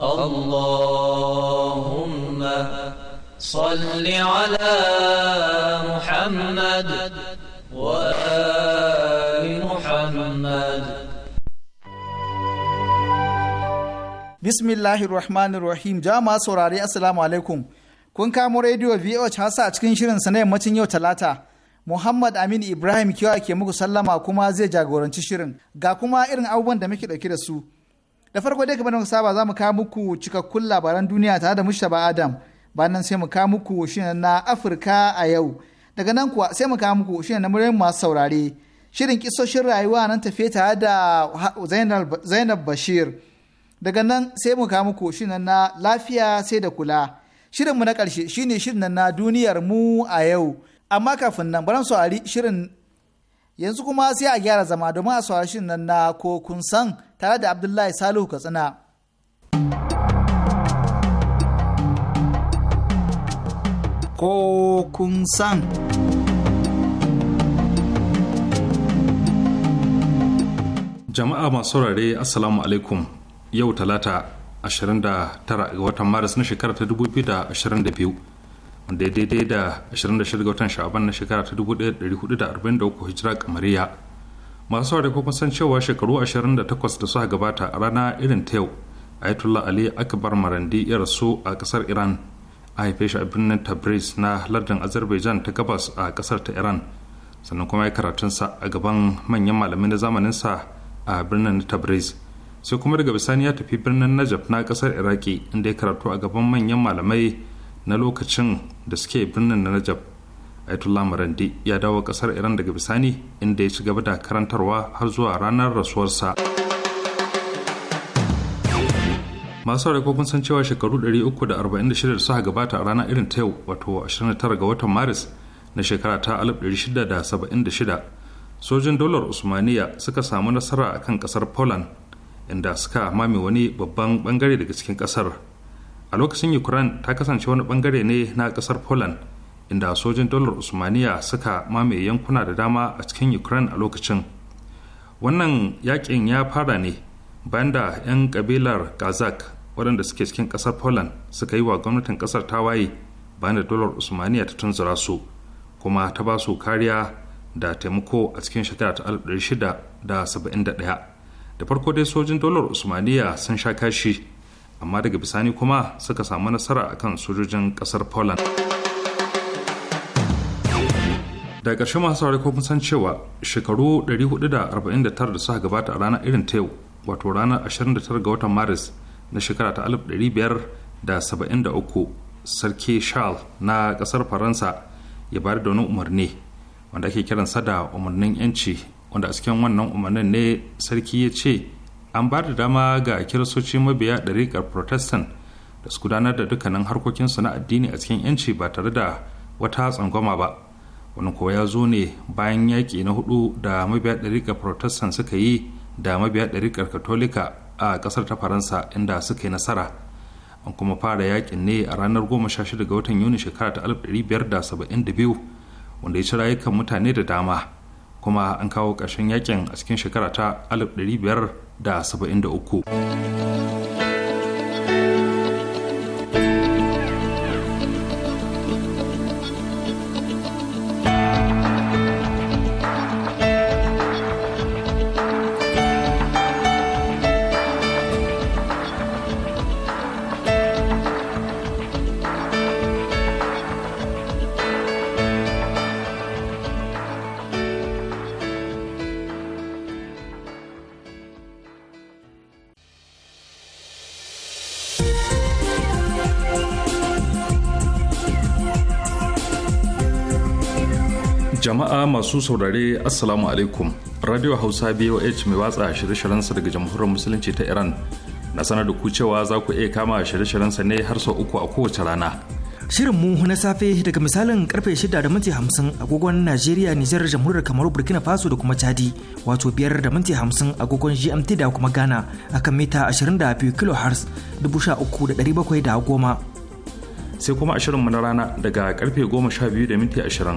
اللهم صل على محمد وآل محمد bismillahir rahmanir rahim jama'a saurari assalamu alaikum kun kamo rediyo voh hasa a cikin shirin sa na yammacin yau talata muhammad amin ibrahim kiwa ke muku sallama kuma zai jagoranci shirin ga kuma irin abubuwan da muke dauke da su da farko dai kamar saba za mu kawo muku cikakkun labaran duniya tare da mushaba Adam bayan sai mu kawo muku shirin na Afirka a yau daga nan kuwa sai mu kawo muku shirin na muryar masu saurare shirin kisoshin rayuwa nan tafiye tare da Zainab Bashir daga nan sai mu kawo muku shirin na lafiya sai da kula shirin mu na ƙarshe shine shirin na duniyar mu a yau amma kafin nan bari saurari shirin yanzu kuma sai a gyara zama domin a saurari shirin na ko kun san tare da Abdullahi Salihu Katsina. Ko kun san. Jama'a masu saurare Assalamu alaikum yau talata 29 ga watan Maris na shekara ta 2022 wanda ya daidai da 26 ga watan sha'aban na shekara ta 1443 hijira kamariya. masu saurari kun san cewa shekaru 28 da suka gabata a rana irin ta yau ayatollah ali akbar marandi ya rasu a kasar iran a haife shi a birnin tabriz na lardin azerbaijan ta gabas a kasar ta iran sannan kuma ya karatun sa a gaban manyan malamai na sa a birnin tabriz sai kuma daga bisani ya tafi birnin najaf na kasar iraki inda ya karatu a gaban manyan malamai na lokacin da suke birnin najab. najaf Ayatollah Marandi ya dawo kasar Iran daga bisani inda ya ci gaba da karantarwa har zuwa ranar rasuwarsa. masu rai kun san cewa shekaru 346 da suka gabata a ranar irin ta yau wato 29 ga watan maris na shekara ta 1676 sojin dolar usmaniya suka samu nasara a kan kasar poland inda suka mame wani babban bangare daga cikin kasar a lokacin ukraine ta kasance wani bangare ne na kasar poland inda sojin dolar usmaniya suka mamaye yankuna da dama a cikin ukraine a lokacin wannan yakin ya fara ne bayan da 'yan kabilar kazakh waɗanda suke cikin ƙasar poland suka yi wa gwamnatin ƙasar tawaye bayan da dolar usmaniya ta tunzura su kuma ta ba su kariya da taimako a cikin shekara ta 1671 da farko dai sojin dolar usmaniya sun sha kashi amma daga bisani kuma suka samu nasara akan sojojin ƙasar poland da ƙarshe masu saurari ko kun san cewa shekaru 449 da suka gabata a ranar irin ta yau wato ranar 29 ga watan maris na shekara ta 1573 sarki charles na ƙasar faransa ya bayar da wani umarni wanda ake kiransa da umarnin yanci wanda a cikin wannan umarnin ne sarki ya ce an ba da dama ga kiristoci mabiya ɗariƙar protestant da su gudanar da dukkanin harkokinsu na addini a cikin yanci ba tare da wata tsangwama ba wani kuwa ya zo ne bayan yaƙi na hudu da mabiya ɗariƙar protestant suka yi da mabiya ɗariƙar katolika a ƙasar ta faransa inda suka yi nasara an kuma fara yaƙin ne a ranar 16 ga watan yuni shekara ta 1572 wanda ya ci rayukan mutane da dama kuma an kawo ƙarshen yaƙin a cikin shekara ta 1573 jama'a masu saurare assalamu alaikum radio hausa boh mai watsa shirye-shiryensa daga jamhuriyar musulunci ta iran na sanar da ku cewa za ku iya kama shirye sa ne har sau uku a kowace rana shirin mu na safe daga misalin karfe 6 da minti 50 agogon najeriya nijar jamhuriyar kamar burkina faso da kuma chadi wato biyar da minti 50 agogon gmt da kuma ghana akan mita 22 kilohertz 13710 sai kuma ashirin mu na rana daga karfe 12 da minti ashirin.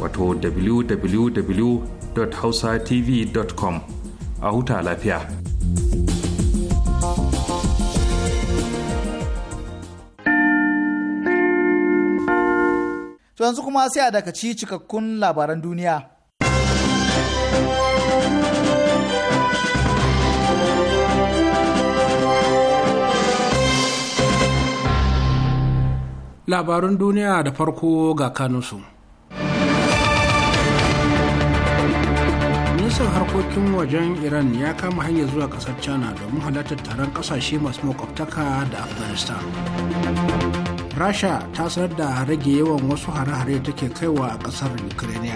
wato www.hausatv.com a huta lafiya. To yanzu kuma sai a cikakkun labaran duniya. Labarun duniya da farko ga kanunsu. ministan harkokin wajen iran ya kama hanyar zuwa kasar china domin halartar taron kasashe masu makwabtaka da afghanistan rasha ta sanar da rage yawan wasu hare-hare da take kaiwa a kasar ukraine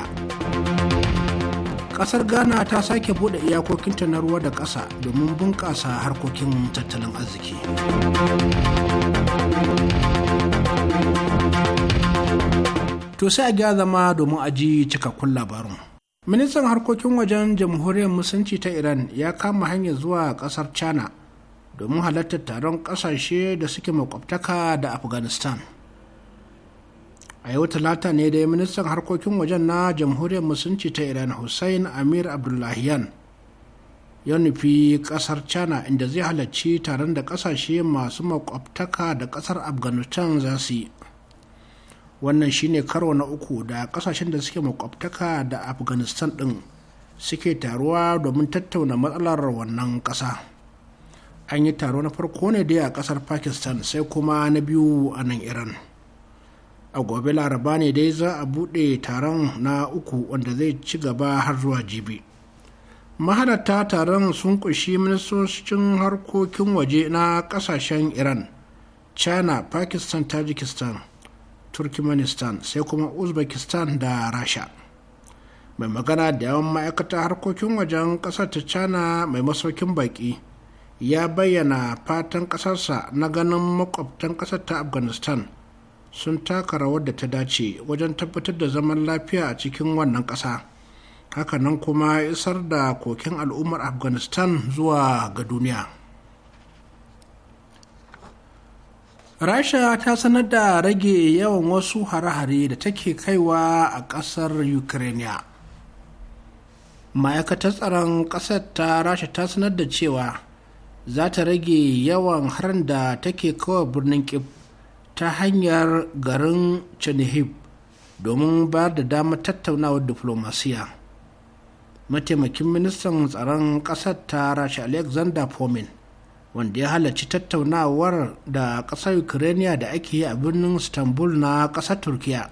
kasar ghana ta sake bude iyakokinta na ruwa da ƙasa domin bunƙasa harkokin tattalin arziki to sai a ga zama domin aji cikakkun labarin ministan harkokin wajen jamhuriyar musulunci ta iran ya kama hanyar zuwa kasar china domin halartar taron kasashe da suke makwabtaka da afghanistan a yau talata ne dai ministan harkokin wajen na jamhuriyar musulunci ta iran hussein amir abdullahiyan ya nufi kasar china inda zai halarci taron da kasashe masu makwabtaka da kasar afghanistan za su yi wannan shine karo na uku da kasashen da suke makwabtaka da afghanistan ɗin suke taruwa domin tattauna matsalar wannan ƙasa an yi taro na farko ne dai a ƙasar pakistan sai kuma na biyu a nan iran a gobe laraba ne dai za a buɗe taron na uku wanda zai ci gaba har zuwa jibi mahalarta taron sun ƙunshi ministocin harkokin waje na ƙasashen iran china pakistan tajikistan turkmenistan sai kuma uzbekistan da rasha mai magana da yawan ma'aikata harkokin wajen ƙasar ta china mai masaukin baƙi ya bayyana fatan ƙasarsa na ganin makwabtan ƙasar ta afghanistan sun taka rawar da ta dace wajen tabbatar da zaman lafiya a cikin wannan ƙasa hakanan kuma isar da kokin al'ummar afghanistan zuwa ga duniya rasha ta sanar da rage yawan wasu hare-hare da take kaiwa a ƙasar ukraine ma'aikatar tsaron ƙasar ta rasha ta sanar da cewa za ta rage yawan harin da take kawai birnin kif ta hanyar garin chernihiv domin bayar da damar tattaunawar diflomasiya mataimakin ministan tsaron ƙasar ta rasha alexander fomin wanda ya halarci tattaunawar da ƙasar ukraine da ake yi a birnin istanbul na ƙasar turkiya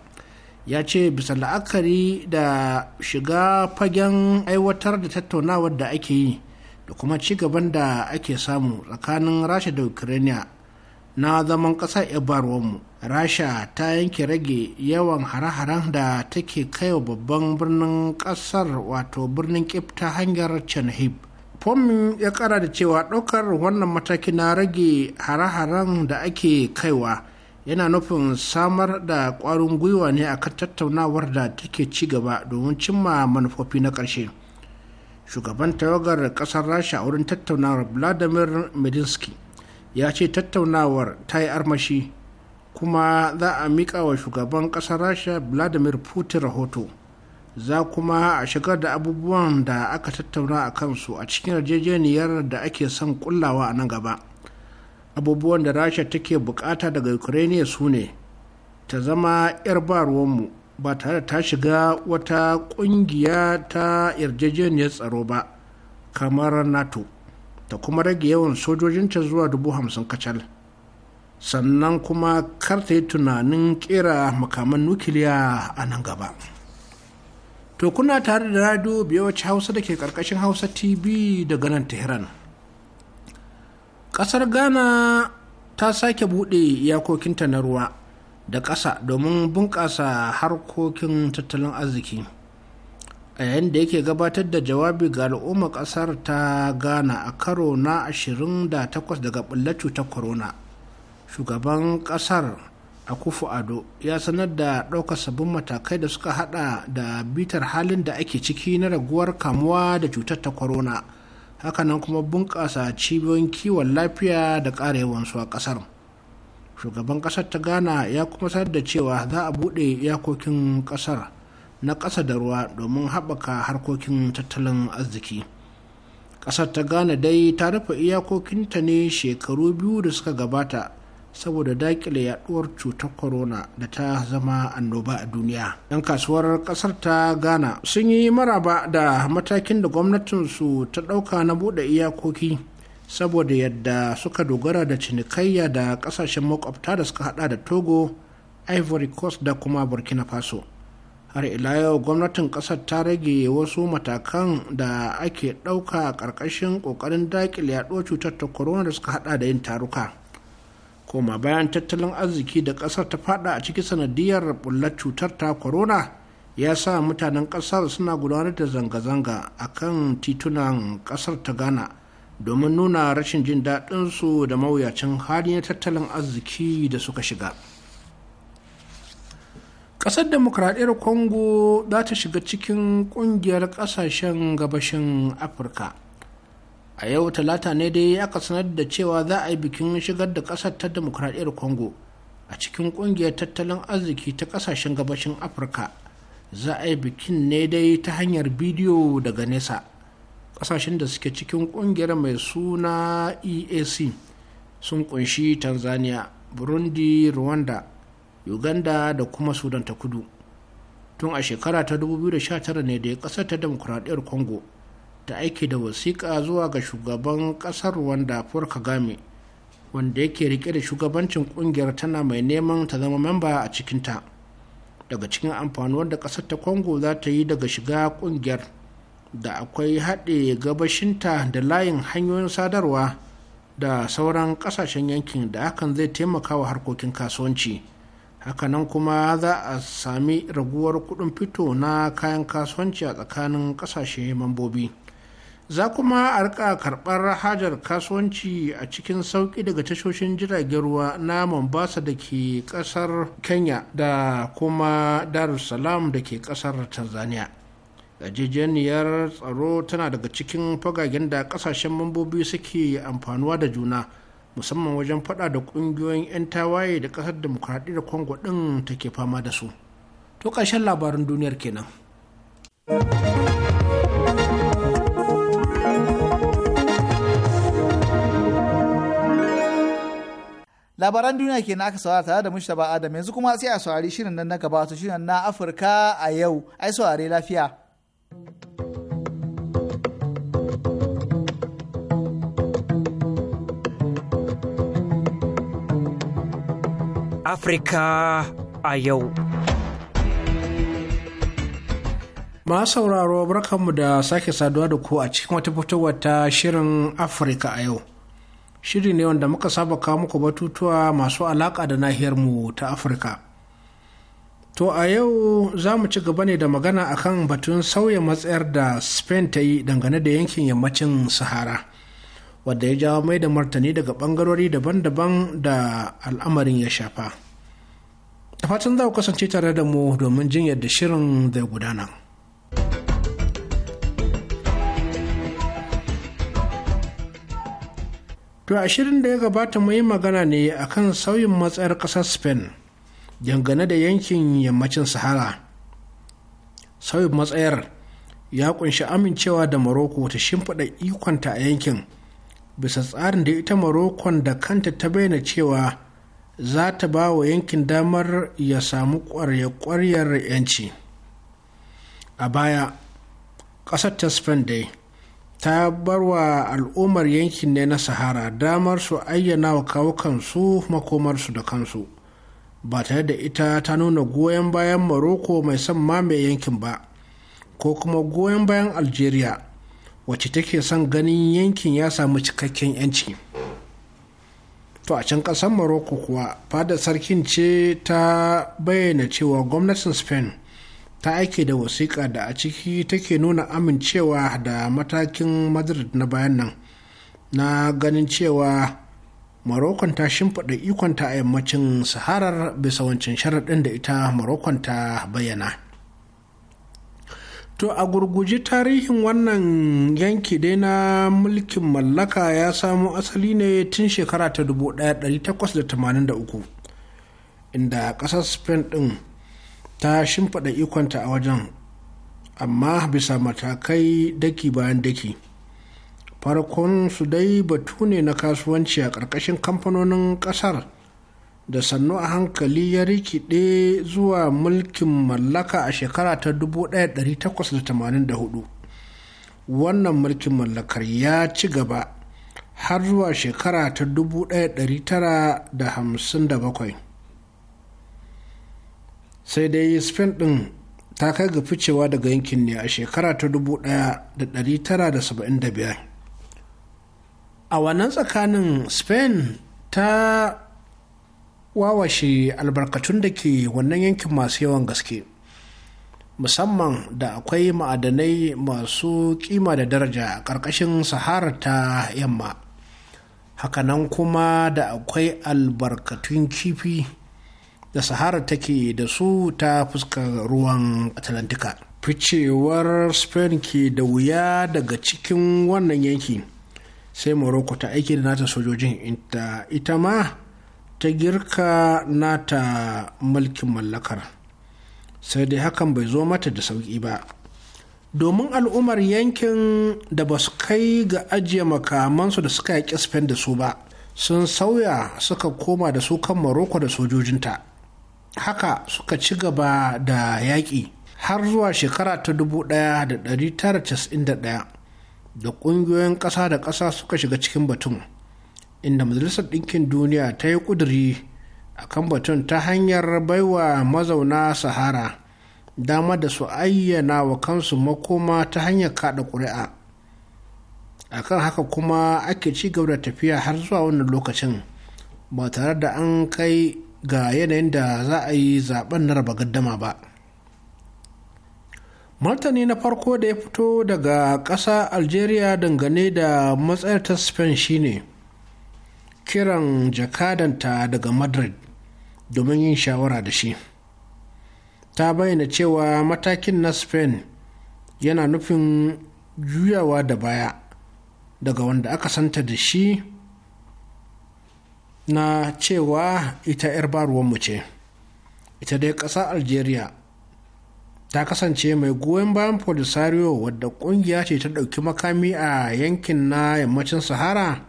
ya ce bisa la'akari da shiga fagen aiwatar da tattaunawar da ake yi da kuma ci gaban da ake samu tsakanin rasha da ukraine na zaman ƙasar mu rasha ta yanke rage yawan hare-haren da take kaiwa babban birnin ƙasar wato birnin kif ta hanyar chernihiv fomin ya kara da cewa ɗaukar wannan mataki na rage hare-haren da ake kaiwa yana nufin samar da ƙwarin gwiwa ne a kan tattaunawar da take ci gaba domin cimma manufofi na ƙarshe shugaban tawagar ƙasar rasha wurin tattaunawar vladimir medinsky ya ce tattaunawar ta yi armashi kuma za a miƙa wa shugaban ƙasar rasha vladimir putin rahoto za kuma a shigar da abubuwan da aka tattauna a kansu a cikin yarjejeniyar da ake son kullawa a nan gaba abubuwan da rasha take bukata daga ukraine su ne ta zama 'yar ba baruwanmu ba tare da ta shiga wata kungiya ta yarjejeniyar tsaro ba kamar nato ta kuma rage yawan sojojinta zuwa dubu hamsin kacal sannan kuma kar ta yi tunanin kera makaman nukiliya a nan gaba. To kuna tare da radio wacce Hausa da ke ƙarƙashin Hausa TV daga nan Tehran. Ƙasar Ghana ta sake buɗe iyakokinta na ruwa da ƙasa domin bunƙasa harkokin tattalin arziki. A yayin da yake gabatar da jawabi ga al'umma ƙasar ta Ghana a karo na 28 daga ɓullar ta corona. Shugaban ƙasar a kufu ado ya sanar da ɗaukar sabbin matakai da suka hada da bitar halin da ake ciki na raguwar kamuwa da cutar ta corona hakanan kuma bunƙasa cibiyoyin kiwon lafiya da ƙara yawansu a ƙasar shugaban ƙasar ta ghana ya kuma sanar da cewa za a buɗe iyakokin ƙasar na ƙasa da ruwa domin haɓaka harkokin tattalin arziki ƙasar ta ghana dai ta rufe iyakokinta ne shekaru biyu da suka gabata saboda dakile yaduwar cutar corona da ta zama annoba a duniya yan kasuwar ƙasar ta ghana sun yi maraba da matakin da gwamnatinsu ta ɗauka na buɗe iyakoki saboda yadda suka dogara da cinikayya da ƙasashen makwabta da suka hada da togo ivory coast da kuma burkina faso har ila yau gwamnatin ƙasar ta rage wasu matakan da ake ɗauka ƙarƙashin ƙoƙarin daƙile yaɗuwar cutar ta corona da suka hada da yin taruka koma bayan tattalin arziki da ƙasar ta fada a cikin sanadiyar bullar cutar ta corona ya sa mutanen ƙasar suna gudanar da zanga-zanga a kan titunan ƙasar ta ghana domin nuna rashin jin daɗinsu da mawuyacin hali na tattalin arziki da suka shiga ƙasar demokradiyyar congo za ta shiga cikin ƙungiyar ƙasashen gabashin afirka a yau talata ne dai aka sanar da cewa za a yi bikin shigar da ƙasar ta demokuraɗiyar congo a cikin ƙungiyar tattalin arziki ta ƙasashen gabashin afirka za a yi bikin ne dai ta hanyar bidiyo daga nesa ƙasashen da suke cikin ƙungiyar mai suna eac sun kunshi tanzania burundi rwanda uganda da kuma sudan ta kudu tun a shekara ta 2019 ne da ƙasar ta demokuraɗiyar congo ta aiki da wasiƙa zuwa ga shugaban ƙasar wanda Paul Kagame wanda yake rike da shugabancin ƙungiyar tana mai neman ta zama memba a cikinta daga cikin amfanuwar da ƙasar ta congo za ta yi daga shiga ƙungiyar, da akwai haɗe gabashinta da layin hanyoyin sadarwa da sauran ƙasashen yankin da hakan zai taimaka wa harkokin kasuwanci hakanan kuma za a sami raguwar kuɗin fito na kayan kasuwanci a tsakanin ƙasashe mambobi. za kuma a rika karɓar hajar kasuwanci a cikin sauƙi daga tashoshin jiragen ruwa na mombasa da ke ƙasar kenya da kuma darussalam da ke ƙasar tanzania gajejeniyar tsaro tana daga cikin fagagen da kasashen mambobi suke amfanuwa da juna musamman wajen faɗa da ƙungiyoyin 'yan tawaye da ƙasar demokradiyyar congo ɗin take fama da su to ƙarshen labarin duniyar kenan. labaran duniya ke aka saurara tare da mushtaba adam yanzu kuma sai a saurari shirin nan na gaba to shirin na afirka a yau ai saurare lafiya Afirka a yau. Ma sauraro barkanmu da sake saduwa da ku a cikin wata fitowar ta shirin Afirka a yau. shiri ne wanda muka saba kawo muku batutuwa masu alaƙa da nahiyarmu ta afirka to a yau za mu ci gaba ne da magana akan batun sauya matsayar da spain ta yi dangane da yankin yammacin sahara wadda ya jawo mai da martani daga bangarori daban-daban da al'amarin ya shafa da fatan za ku kasance tare da mu domin jin yadda shirin zai gudana. To a shirin da ya gabata mai magana ne a kan sauyin matsayar ƙasar Spain dangane da yankin yammacin Sahara. Sauyin matsayar ya kunshi amincewa da Morocco ta shimfiɗa ikonta a yankin bisa tsarin da ita Morocco da kanta ta bayyana cewa za ta ba wa yankin damar ya samu ƙwarya-ƙwaryar 'yanci. A baya, ƙasar ta Spain dai ta barwa al'ummar yankin ne na sahara damar su ayyana wa kawukansu makomarsu da kansu ba tare da ita ta nuna goyon bayan maroko mai son mamaye yankin ba ko kuma goyon bayan algeria wacce take son ganin yankin ya samu cikakken yanci to a can ƙasar maroko kuwa fadar sarkin ce ta bayyana cewa gwamnatin spain ta aike da wasiƙa da a ciki take nuna amincewa da matakin madrid na bayan nan na ganin cewa marokon ta shimfiɗa ikonta a yammacin saharar bisa wancan sharaɗin da ita marokon ta bayyana To a gurguji tarihin wannan yanki dai na mulkin mallaka ya samo asali ne tun shekara ta 1883 inda ƙasar Spain ɗin ta shimfiɗa ikonta a wajen amma bisa matakai daki bayan daki farkon su dai batu ne na kasuwanci a ƙarƙashin kamfanonin ƙasar da sannu a hankali ya rikide zuwa mulkin mallaka a shekara ta 1884 wannan mulkin mallakar ya ci gaba har zuwa shekara ta 1957 sai dai spain din ta kai ga ficewa daga yankin ne a shekara ta 1975 a wannan tsakanin spain ta wawashe albarkatun da ke wannan yankin masu yawan gaske musamman da akwai ma'adanai masu kima da daraja a ƙarƙashin sahara ta yamma hakanan kuma da akwai albarkatun kifi da sahara take da su ta fuska ruwan atlantika ficewar spain ke da wuya daga cikin wannan yanki sai morocco ta aiki da nata sojojin ita ma ta girka nata mulkin mallakar sai dai hakan bai zo mata da sauki ba domin al'ummar yankin da ba su kai ga ajiye makamansu da suka yaƙi spain da su ba sun sauya suka koma da su kan morocco da sojojinta haka suka ci gaba da yaƙi har zuwa shekara ta 1991 da ƙungiyoyin ƙasa da ƙasa suka shiga cikin batun inda majalisar ɗinkin duniya ta yi ƙuduri a kan batun ta hanyar baiwa mazauna sahara dama da su ayyana wa kansu makoma ta hanyar kaɗa ƙuri'a a kan haka kuma ake ci gaba da tafiya har zuwa wannan lokacin ba tare da an kai ga yanayin da za a yi zaben na raba gaddama ba martani na farko da ya fito daga ƙasa algeria dangane da matsayar ta spain shine kiran jakadanta daga madrid domin yin shawara da shi ta bayyana cewa matakin na spain yana nufin juyawa da baya daga wanda aka santa da shi na cewa ita 'yar baruwanmu ce ita dai ƙasar algeria ta kasance mai goyon bayan polisario wadda ƙungiya ce ta ɗauki makami a yankin na yammacin sahara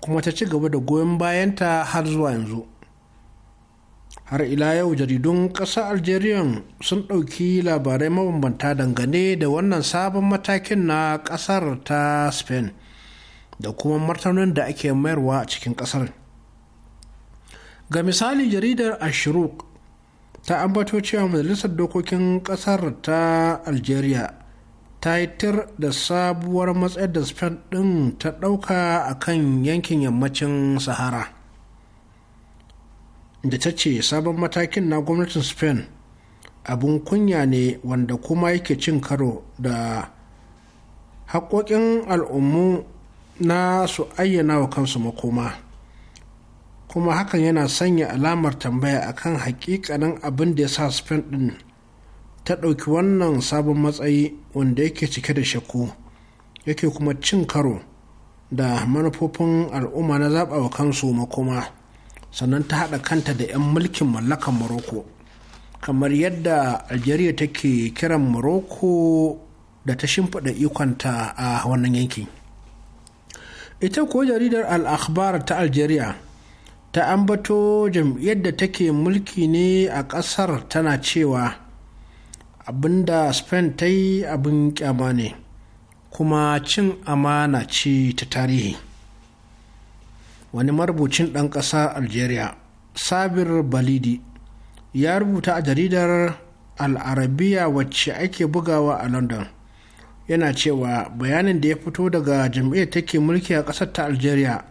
kuma ta ci gaba da goyon bayanta har zuwa yanzu har ila yau jaridun ƙasar algeria sun ɗauki labarai mabambanta dangane da wannan sabon matakin na ƙasar ta spain da kuma martanin da ake mayarwa a cikin ƙasar ga misali jaridar ashiruk ta ambato cewa majalisar dokokin ƙasar ta algeria ta yi tir da sabuwar matsayar da spain din ta ɗauka a kan yankin yammacin sahara da ta ce sabon matakin na gwamnatin spain abin kunya ne wanda kuma yake cin karo da haƙoƙin al'ummu na su ayyana wa kansu makoma kuma hakan yana sanya alamar tambaya a kan hakikanin abin da ya sa spain din ta ɗauki wannan sabon matsayi wanda yake cike da shakku yake kuma cin karo da manufofin al'umma na zaɓa wa kansu makoma sannan ta haɗa kanta da 'yan mulkin mallakan morocco kamar yadda algeria take kiran morocco da ta shimfiɗa ikonta a wannan yankin ita ko jaridar al ta algeria ta ambato jam'iyyar da take mulki ne a ƙasar tana cewa abinda spain ta yi abin kyama ne kuma cin amana ce ta tarihi wani marubucin ɗan ƙasa algeria sabir balidi ya rubuta a jaridar al'arabiya wacce ake bugawa a london yana cewa bayanin da ya fito daga jam'iyyar take mulki a ƙasar ta algeria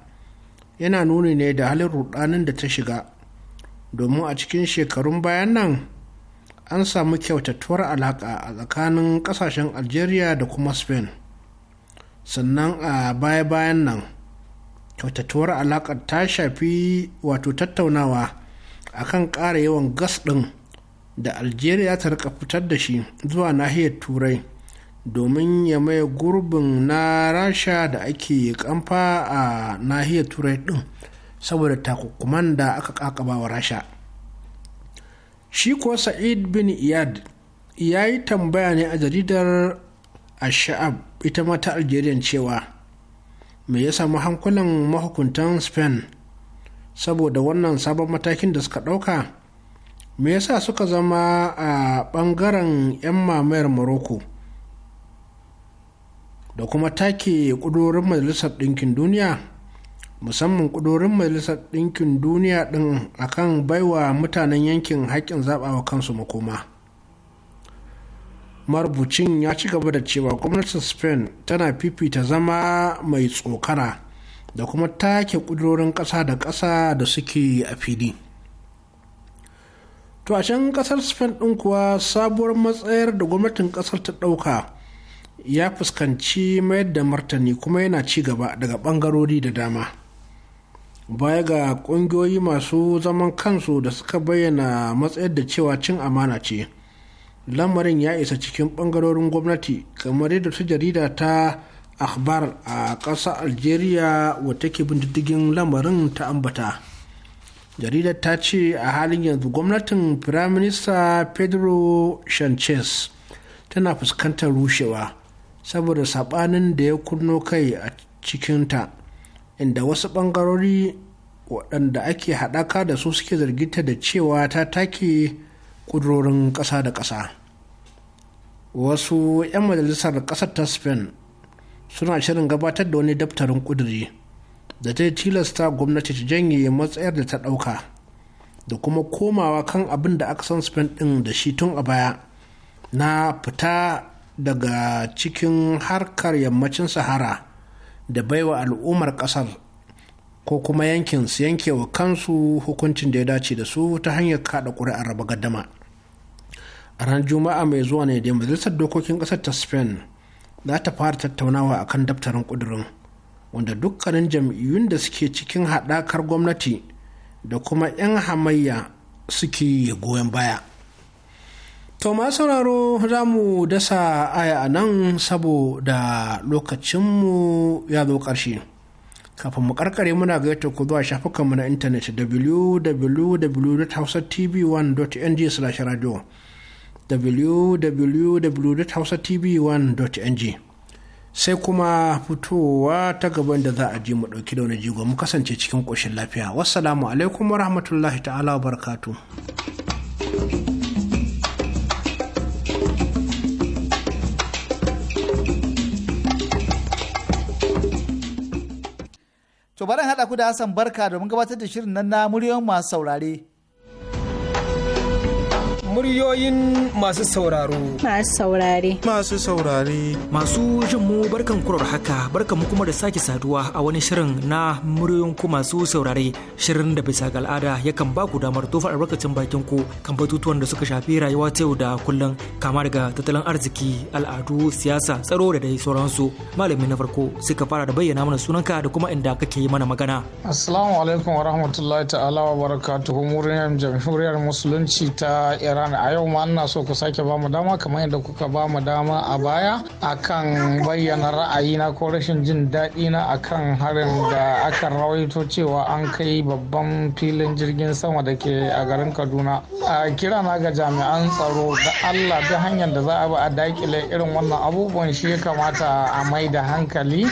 yana nuni ne da halin rudanin da ta shiga domin a cikin shekarun bayan nan an samu kyautattuwar alaƙa a tsakanin ƙasashen algeria da kuma spain sannan a baya-bayan nan kyautattuwar alaƙar ta shafi wato tattaunawa a kan ƙara yawan gas ɗin da algeria ta rika fitar da shi zuwa nahiyar turai domin ya maye gurbin na rasha da ake kamfa a nahiyar turai din saboda takukuman da aka kakaba wa rasha shi kuwa sa'id bin iyad ya yi tambaya ne a jaridar ashab ita mata ta algerian cewa me ya samu hankulan mahukuntan spain saboda wannan sabon matakin da suka ɗauka me yasa suka zama a ɓangaren 'yan mamayar morocco da kuma take ƙudurorin majalisar ɗinkin duniya musamman ƙudurorin majalisar ɗinkin duniya ɗin akan baiwa mutanen yankin haƙƙin zaɓawa kansu makoma marubucin ya ci gaba da cewa gwamnatin spain tana fifita zama mai tsokara da kuma take ƙudurorin ƙasa da ƙasa da suke a fili to a can ƙasar spain ɗin kuwa sabuwar matsayar da gwamnatin ƙasar ta ɗauka ya fuskanci mayar da martani kuma yana ci gaba daga ɓangarori da dama baya ga ƙungiyoyi masu zaman kansu da suka bayyana matsayar da cewa cin amana ce lamarin ya isa cikin ɓangarorin gwamnati kamar yadda su jarida ta akhbar a ƙasa algeria wata ke bin diddigin lamarin ta ambata jaridar ta ce a halin yanzu gwamnatin firaminista pedro sanchez tana fuskantar rushewa saboda saɓanin da ya kunno kai a cikinta inda wasu ɓangarori waɗanda ake haɗaka da su suke zargita da cewa ta take ƙudurorin ƙasa da ƙasa wasu 'yan majalisar ƙasar ta spain suna shirin gabatar da wani daftarin ƙuduri da ta tilasta gwamnati ta janye matsayar da ta ɗauka da kuma komawa kan abin da aka san spain ɗin da shi tun a baya na fita daga cikin harkar yammacin sahara da baiwa al'ummar ƙasar ko kuma yankin su yankewa kansu hukuncin da ya dace da su ta hanyar kaɗa ƙuri'ar raba gaddama a ran juma'a mai zuwa ne da majalisar dokokin ƙasar ta spain za ta fara tattaunawa a kan daftarin ƙudurin wanda dukkanin jam'iyyun da suke cikin haɗakar gwamnati da kuma 'yan hamayya suke goyon baya. To ma sauraro za mu dasa aya a nan saboda lokacinmu ya zo ƙarshe. Kafin mu karkare muna gayyata ku zuwa shafukanmu na intanet www.hausatv1.ng slash radio www.hausatv1.ng sai kuma fitowa ta gaban da za a ji mu dauki da wani jigo mu kasance cikin ƙoshin lafiya. Wassalamu alaikum wa rahmatullahi ta'ala wa barakatuh. To bari haɗa ku da Hassan Barka domin gabatar da shirin nan na muryoyin masu saurare. muryoyin masu sauraro. Masu saurare. Masu saurare. Masu jin mu barkan kurar haka barkan mu kuma da sake saduwa a wani shirin na muryoyin ku masu saurare shirin da bisa ga al'ada yakan ba ku damar tofa albarkacin bakin ku kan batutuwan da suka shafi rayuwa ta yau da kullun kama daga tattalin arziki al'adu siyasa tsaro da dai sauransu malami na farko suka fara da bayyana mana sunanka da kuma inda kake yi mana magana. Assalamu alaikum wa rahmatullahi ta'ala wa barakatuhu muryar jamhuriyar musulunci ta Iran a yau ma ana so ku sake ba mu dama kamar yadda kuka ba mu dama a baya akan bayyana ra'ayi na ko rashin jin daɗi na akan harin da aka rawaito cewa an kai babban filin jirgin sama da ke a garin Kaduna. A kira na ga jami'an tsaro da Allah ta hanyar da za a ba a daƙile irin wannan abubuwan shi ya kamata a mai da hankali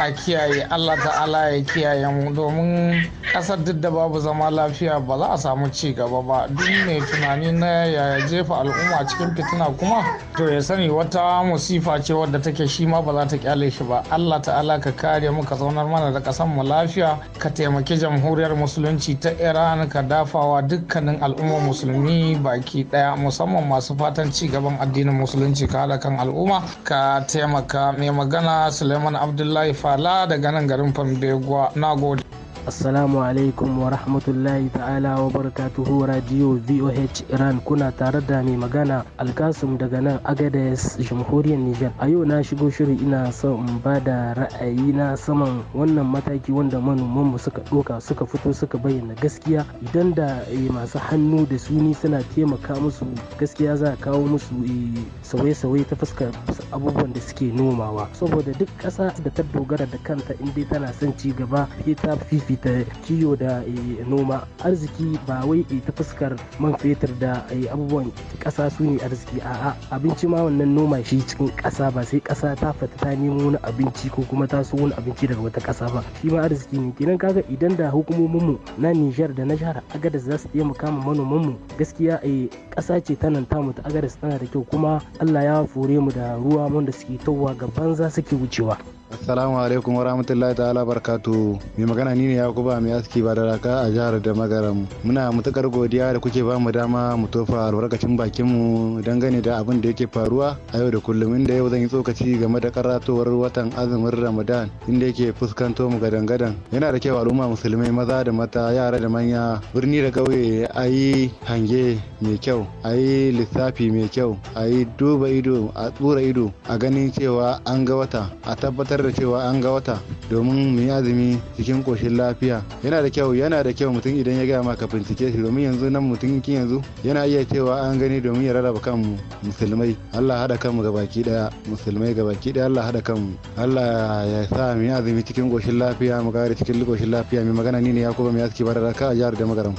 a kiyaye Allah ta'ala ya kiyaye mu domin ƙasar duk da babu zama lafiya ba za a samu ci gaba ba duk mai tunani na ya jefa al'umma cikin fitina kuma to ya sani wata musifa ce wadda take shi ma ba za ta kyale shi ba Allah ta'ala ka kare mu ka zaunar mana da kasan mu lafiya ka taimaki jamhuriyar musulunci ta Iran ka dafawa dukkanin al'ummar musulmi baki daya musamman masu fatan ci gaban addinin musulunci ka hada kan al'umma ka taimaka mai magana Suleiman Abdullahi Fala daga nan garin na nagode Assalamu alaikum wa rahmatullahi ta'ala wa barakatuhu Radio VOH Iran kuna tare da mai magana Alkasum daga nan Agadez Jamhuriyar Nijar. A yau na shigo shirin ina son in ba da ra'ayi na saman wannan mataki wanda manoman mu suka ɗoka suka fito suka bayyana gaskiya idan da eh, masu hannu da suni suna taimaka musu gaskiya za a kawo musu eh, sauye-sauye ta fuskar abubuwan da suke nomawa saboda duk ƙasa da ta dogara da kanta in dai tana son ci gaba ta fifi fita kiyo da eh, noma arziki ba wai eh, ta fuskar man fetur da eh, abubuwan ƙasa su ne arziki a'a abinci ma wannan noma shi cikin ƙasa ba sai ƙasa ta fata ta nemo wani abinci ko kuma ta so wani abinci daga wata ƙasa ba shi ma arziki ne kenan kaga idan da hukumomin mu na Nijar da na jihar Agadez za su iya taimaka manoman mu gaskiya a ƙasa ce ta nan tamu ta Agadez tana da kyau kuma Allah ya fure mu da ruwa wanda suke towa gaban za suke wucewa. Assalamu alaikum wa rahmatullahi ta'ala barkatu. Mai magana ni ne Yakuba mai aski ba da raka a jihar da magaram. Muna mutukar godiya da kuke ba mu dama mu tofa albarkacin bakinmu dangane da abin da yake faruwa a yau da kullum inda yau zan yi tsokaci game da karatowar watan azumin Ramadan inda yake fuskanto mu gadan-gadan. Yana da kyau al'umma musulmai maza da mata yara da manya birni da ƙauye a yi hange mai kyau a yi lissafi mai kyau a yi duba ido a tsura ido a ganin cewa an ga wata a tabbatar tabbatar da cewa an ga wata domin mu yi azumi cikin koshin lafiya yana da kyau yana da kyau mutum idan ya gaya maka bincike shi domin yanzu nan mutum kin yanzu yana iya cewa an gani domin ya rarraba kan musulmai Allah hada kanmu gabaki daya musulmai gabaki daya Allah hada kanmu Allah ya sa mu yi azumi cikin koshin lafiya mu kare cikin koshin lafiya mai magana ni ne Yakubu mai aski bararaka a jihar da magaram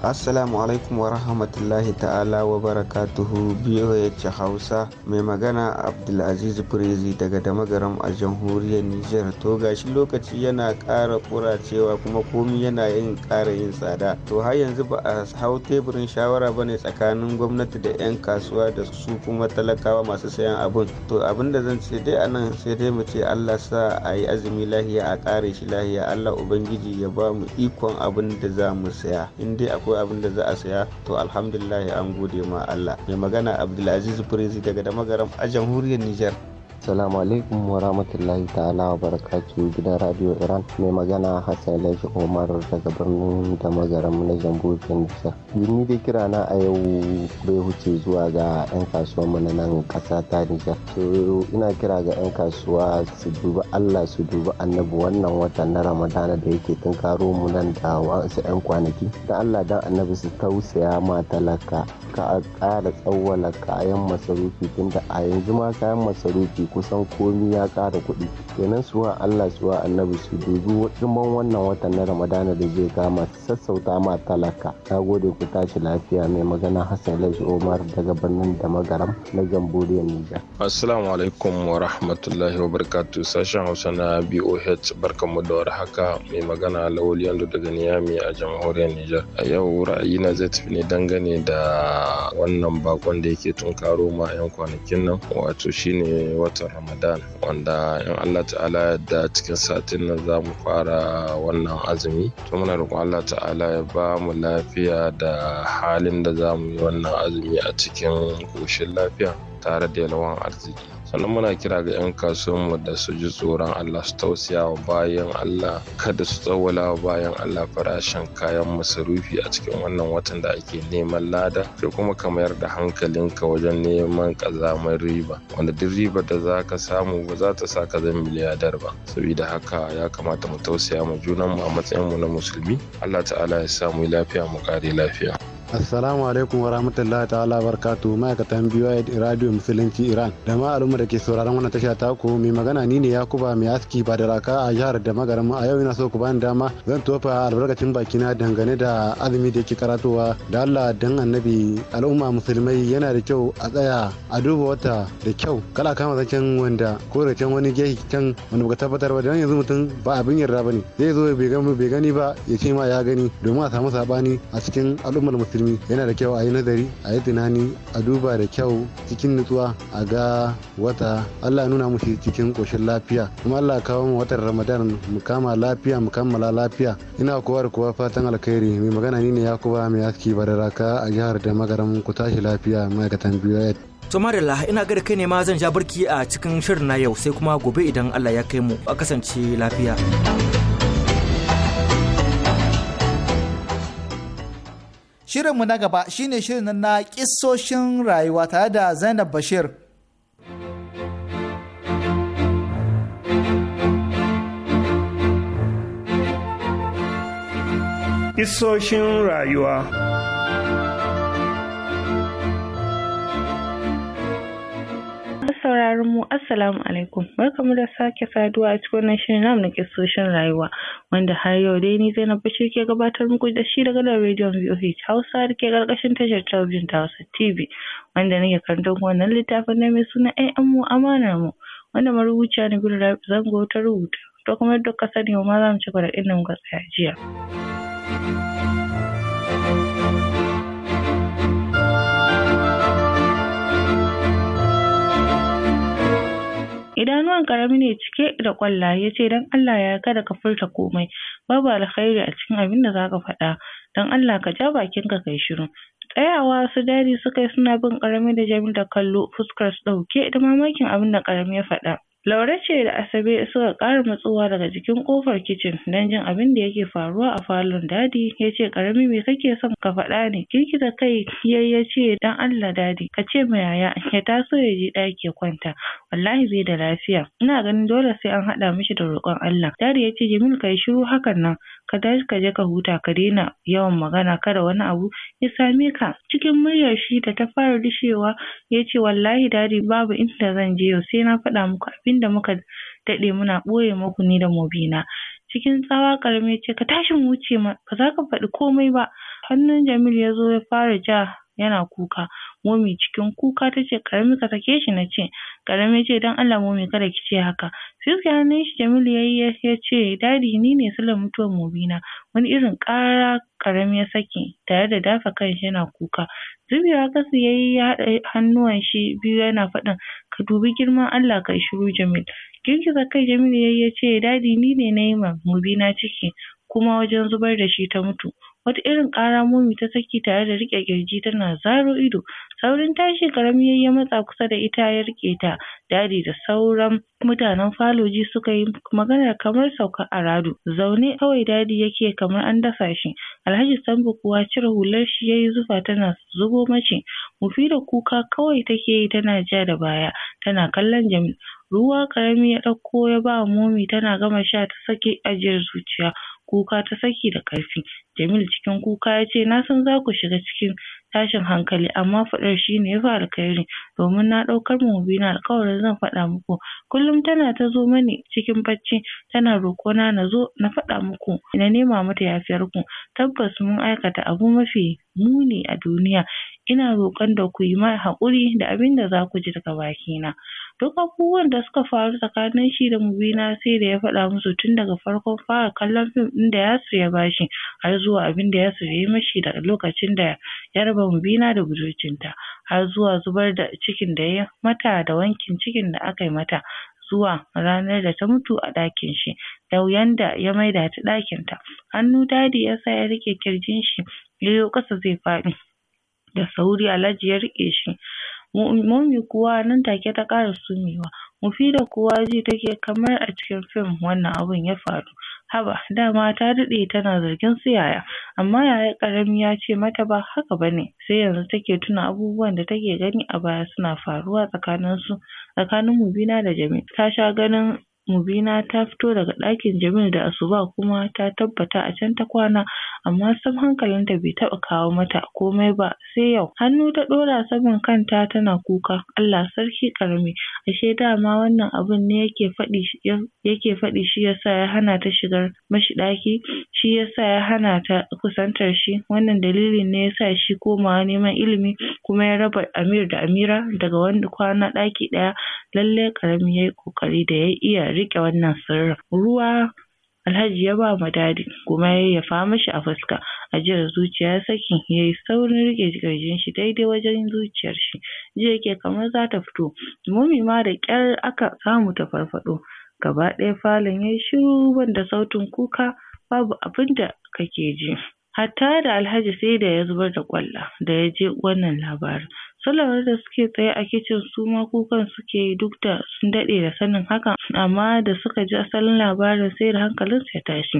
assalamu alaikum wa rahmatullahi ta'ala wa barakatuhu BOH Hausa mai magana Abdulaziz firizi daga Damagaram a jamhuriyar Nijar to gashi lokaci yana ƙara kuracewa kuma komi yana yin kara yin tsada to har yanzu ba a hau teburin shawara ba ne tsakanin gwamnati da 'yan kasuwa da su kuma talakawa masu sayan abun to abin da zan ce dai anan sai dai mu ce Allah sa a yi azumi lahiya a ƙare shi lahiya Allah ubangiji ya ba mu ikon abin da za mu saya in dai akwai akwai abin da za a saya to alhamdulillah an gode ma Allah mai magana Abdulaziz Prezi daga da magaram a jamhuriyar Nijar Assalamu alaikum wa rahmatullahi ta'ala wa barakatuhu gidan Radio Iran mai magana Hassan Lashi Umar daga birnin da magaram na Jamhuriyar Nijar. Jini dai kira na a yau bai wuce zuwa ga 'yan kasuwa mu na nan ƙasa ta Nijar. To ina kira ga 'yan kasuwa su dubi Allah su dubi Annabi wannan watan na Ramadana da yake karo mu nan da wasu 'yan kwanaki. Da Allah dan Annabi su tausaya ma talaka ka a ƙara tsawwala kayan masarufi tunda a yanzu ma kayan masarufi kusan komi ya ƙara kuɗi kenan suwa allah suwa annabi su dubi ɗuman wannan watan na ramadana da zai kama su sassauta ma talaka na gode ku tashi lafiya mai magana hassan laji omar daga birnin da magaram na jamhuriyar nijar assalamu alaikum wa rahmatullahi wa barakatuh sashen hausa na boh barkanmu da Haka mai magana lawali yando daga niyami a jamhuriyar nijar a yau ra'ayi na zai tafi ne dangane da wannan bakon da yake tunkaro ma 'yan kwanakin nan wato shine wata watan ramadan wanda in allah ta'ala da cikin satin nan za mu fara wannan azumi to muna roƙon allah ta'ala ya ba mu lafiya da halin da za mu yi wannan azumi a cikin ƙoshin lafiya tare da yalwan arziki sannan muna kira ga 'yan kasuwanmu da su ji tsoron allah su tausaya wa bayan allah kada su tsawala wa bayan allah farashin kayan masarufi a cikin wannan watan da ake neman lada sai kuma ka mayar da hankalinka wajen neman ƙazamar riba wanda duk ribar da za ka samu ba za ta sa ka zama miliyadar ba saboda haka ya kamata mu tausaya ma junanmu a matsayinmu na musulmi allah ta'ala ya sa lafiya mu kare lafiya assalamu alaikum wa rahmatullahi ta'ala barkatu ma'aikatan biyu radio musulunci iran da ma al'umma da ke sauraron wannan tasha taku mai magana ni ne yakuba mai aski ba da raka a jihar da magaram a yau ina so ku bani dama zan tofa albarkacin bakina dangane da azumi da yake karatowa da allah dan annabi al'umma musulmai yana da kyau a tsaya a duba wata da kyau kala kama zancen wanda ko da wani gehi can wanda baka tabbatar ba dan yanzu mutum ba abin yarda bane zai zo bai gani ba ya ce ma ya gani domin a samu sabani a cikin al'ummar musulmai musulmi yana da kyau a yi nazari a yi tunani a duba da kyau cikin nutsuwa a ga wata allah nuna mu cikin koshin lafiya kuma allah kawo mu watan ramadan mu kama lafiya mu kammala lafiya ina kowa da kowa fatan alkhairi mai magana ni ne yakuba mai aski badaraka a jihar da magaram ku tashi lafiya ma'aikatan biyu To Marilla ina gada kai ne ma zan ja barki a cikin shirin na yau sai kuma gobe idan Allah ya kai mu a kasance lafiya. Shirin mu na gaba shine shirin na kissoshin rayuwa tare da Zainab Bashir. Kissoshin rayuwa sauraron mu assalamu alaikum barkamu da sake saduwa a cikin wannan shirin namu na kisoshin rayuwa wanda har yau dai ni Zainab Bashir ke gabatar muku da shi daga nan rediyon VOH Hausa da ke karkashin tashar talabijin ta Hausa TV wanda nake karantar wannan littafin na mai suna ƴaƴan mu amanar mu wanda marubuciya ne bin zango ta rubuta to kuma yadda ka sani ma za mu ci gwada da inda muka tsaya jiya. idanuwan karami ne cike da kwallaye yace dan Allah ya kada ka furta komai babu alkhairi a cikin abin da zaka faɗa dan Allah ka ja bakinka kai shiru tsayawa su dadi suka suna bin karami da jami da kallo fuskar su ɗauke da mamakin abin da karami ya faɗa Laure ce da Asabe suka ƙara matsowa daga jikin ƙofar kicin don jin abin da yake faruwa a falon dadi ya ce ƙarami me kake son ka faɗa ne girgiza kai yayi ya ce don Allah dadi ka ce ma yaya ya taso ya je ɗaki ya kwanta wallahi bai da lafiya ina ganin dole sai an haɗa mishi da roƙon Allah dadi ya ce ka yi shiru hakan nan ka tashi ka je ka huta ka daina yawan magana kada wani abu ya same ka cikin muryar shi da ta fara dishewa ya ce wallahi dadi babu inda zan je yau sai na faɗa muku abin da muka daɗe muna ɓoye muku ni da mobina. Cikin tsawa ƙarami ce ka tashin mu wuce ba za ka faɗi komai ba. Hannun Jamil ya zo ya fara ja yana kuka momi cikin kuka ta ce karami ka sake shi na ce karami ce Allah momi kada ki ce haka suka hannun shi Jamilu ya ya ce dadi ni ne silar mutuwar mobina wani irin ƙara karami ya saki tare da dafa kan shi yana kuka zubewa kasa yayi ya haɗa hannuwan shi biyu yana faɗin ka dubi girman Allah ka shiru Jamil girgiza kai Jamilu yayi ya dadi ni ne na yi ma mobina ciki kuma wajen zubar da shi ta mutu wata irin ƙara momi ta saki tare da riƙe ƙirji tana zaro ido saurin tashi karami ya matsa kusa da ita ya riƙe ta dadi da sauran mutanen faloji suka yi magana kamar sauka a rado zaune kawai dadi yake kamar an dasa shi alhaji sambo kuwa cire hular shi yayi zufa tana zubo mace mufida kuka kawai take yi tana ja da baya tana kallon jamil ruwa ƙarami ya ɗauko ya ba momi tana gama sha ta saki ajiyar zuciya kuka ta saki da ƙarfi. Jamil cikin kuka ya ce na san za ku shiga cikin tashin hankali amma faɗar shi ne ya fi alkhairi domin na ɗaukar mu na alkawarin zan faɗa muku. Kullum tana ta zo mani cikin bacci tana roƙona na zo na faɗa muku na nema mata yafiyar ku. Tabbas mun aikata abu mafi muni a duniya. Ina roƙon da ku yi mai haƙuri da abin da za ku ji daga bakina. duk abubuwan da suka faru tsakanin shi da Mubina sai da ya faɗa musu tun daga farkon fara kallon fim ɗin da Yasir ya bashi har zuwa abin da Yasir ya yi mashi da lokacin da ya raba Mubina da budurcinta har zuwa zubar da cikin da ya mata da wankin cikin da aka yi mata zuwa ranar da ta mutu a ɗakin shi da yanda ya maida ta ɗakin ta hannu dadi ya sa ya riƙe ƙirjin shi yayo ƙasa zai faɗi da sauri Alhaji ya riƙe shi Mummy kuwa nan take ta ƙara sumewa. Mufida kuwa ji take kamar a cikin fim wannan abun ya faru. Haba dama ta daɗe tana zargin su yaya, amma yaya ƙarami ya ce mata ba haka ba ne, sai yanzu take tuna abubuwan da take gani a baya suna faruwa tsakanin su tsakanin Mubina da Jami Ta sha ganin Mubina ta fito daga ɗakin Jamil da asuba kuma ta tabbata a can ta kwana, amma sam hankalinta bai taɓa kawo mata komai ba sai yau. Hannu ta ɗora saman kanta tana kuka, Allah sarki ƙarami, ashe dama wannan abun ne yake faɗi yake faɗi shi yasa ya hana ta shigar mashi ɗaki, shi yasa ya hana ta kusantar shi, wannan dalilin ne yasa shi komawa neman ilimi kuma ya raba Amir da Amira daga wani kwana ɗaki ɗaya Lallai karami ya yi kokari da ya iya rike wannan sirrin ruwa alhaji ya ba ma dadi kuma ya yayyafa mashi a fuska A ajiyar zuciya sakin ya yi saurin rike kirjin shi daidai wajen zuciyar shi ji yake kamar za ta fito mummi ma da ƙyar aka samu ta farfaɗo. gaba ɗaya falon ya yi shiru banda sautin kuka babu abin da kake ji hatta da alhaji sai da ya zubar da kwalla da ya je wannan labarin Su da suke tsaye a kicin su ma kukan suke yi duk da sun daɗe da sanin hakan amma da suka ji asalin labarin sai da hankalinsu ya tashi.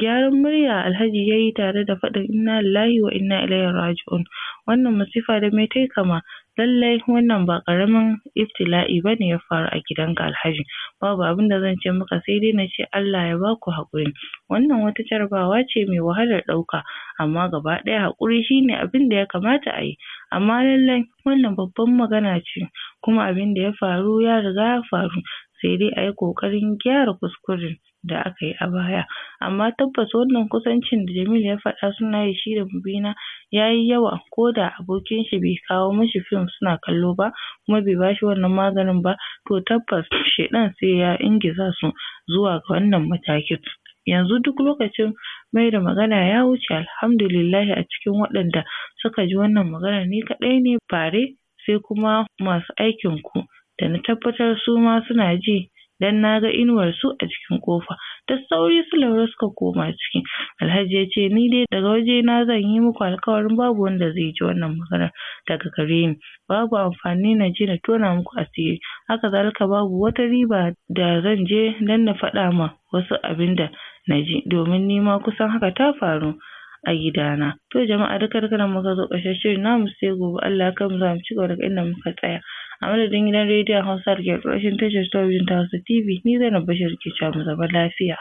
Gyaran murya Alhaji ya yi tare da faɗin inna lillahi wa inna ilaihi raji'un. Wannan masifa da me tayi kama lallai wannan ba ƙaramin iftila'i ba ne ya faru a gidanka alhaji babu abin da zan ce maka sai dai na ce Allah ya baku haƙuri wannan wata jarabawa ce mai wahalar ɗauka amma gaba ɗaya haƙuri shine abin da ya kamata a yi amma lallai wannan babban magana ce kuma abin da ya faru ya riga ya faru sai dai a yi ƙoƙarin gyara kuskuren da aka yi a baya amma tabbas wannan kusancin da Jamilu ya faɗa suna yi shi da Mubina ya yi yawa ko da abokin shi bai kawo mishi fim suna kallo ba kuma bai bashi wannan maganin ba to tabbas shaiɗan sai ya ingiza su zuwa ga wannan matakin yanzu duk lokacin mai da magana ya wuce alhamdulillahi a cikin waɗanda suka ji wannan magana ni kaɗai ne bare sai kuma masu aikin ku da na tabbatar su ma suna ji dan na ga su a cikin kofa da sauri su laura suka koma ciki alhaji ya ce ni dai daga waje na zan yi muku alkawarin babu wanda zai ji wannan maganar daga gare ni babu amfani na je na tona muku asiri haka zalika babu wata riba da zan je don na faɗa ma wasu abin da na ji domin nima kusan haka ta faru a gidana. To jama'a duka duka nan muka zo ƙarshen shirin namu sai gobe Allah ya kai mu za mu ci gaba daga inda muka tsaya. a madadin gidan rediyon hausa da ke ƙarshen tashar talabijin ta hausa tv ni zainab bashir ke cewa mu zama lafiya.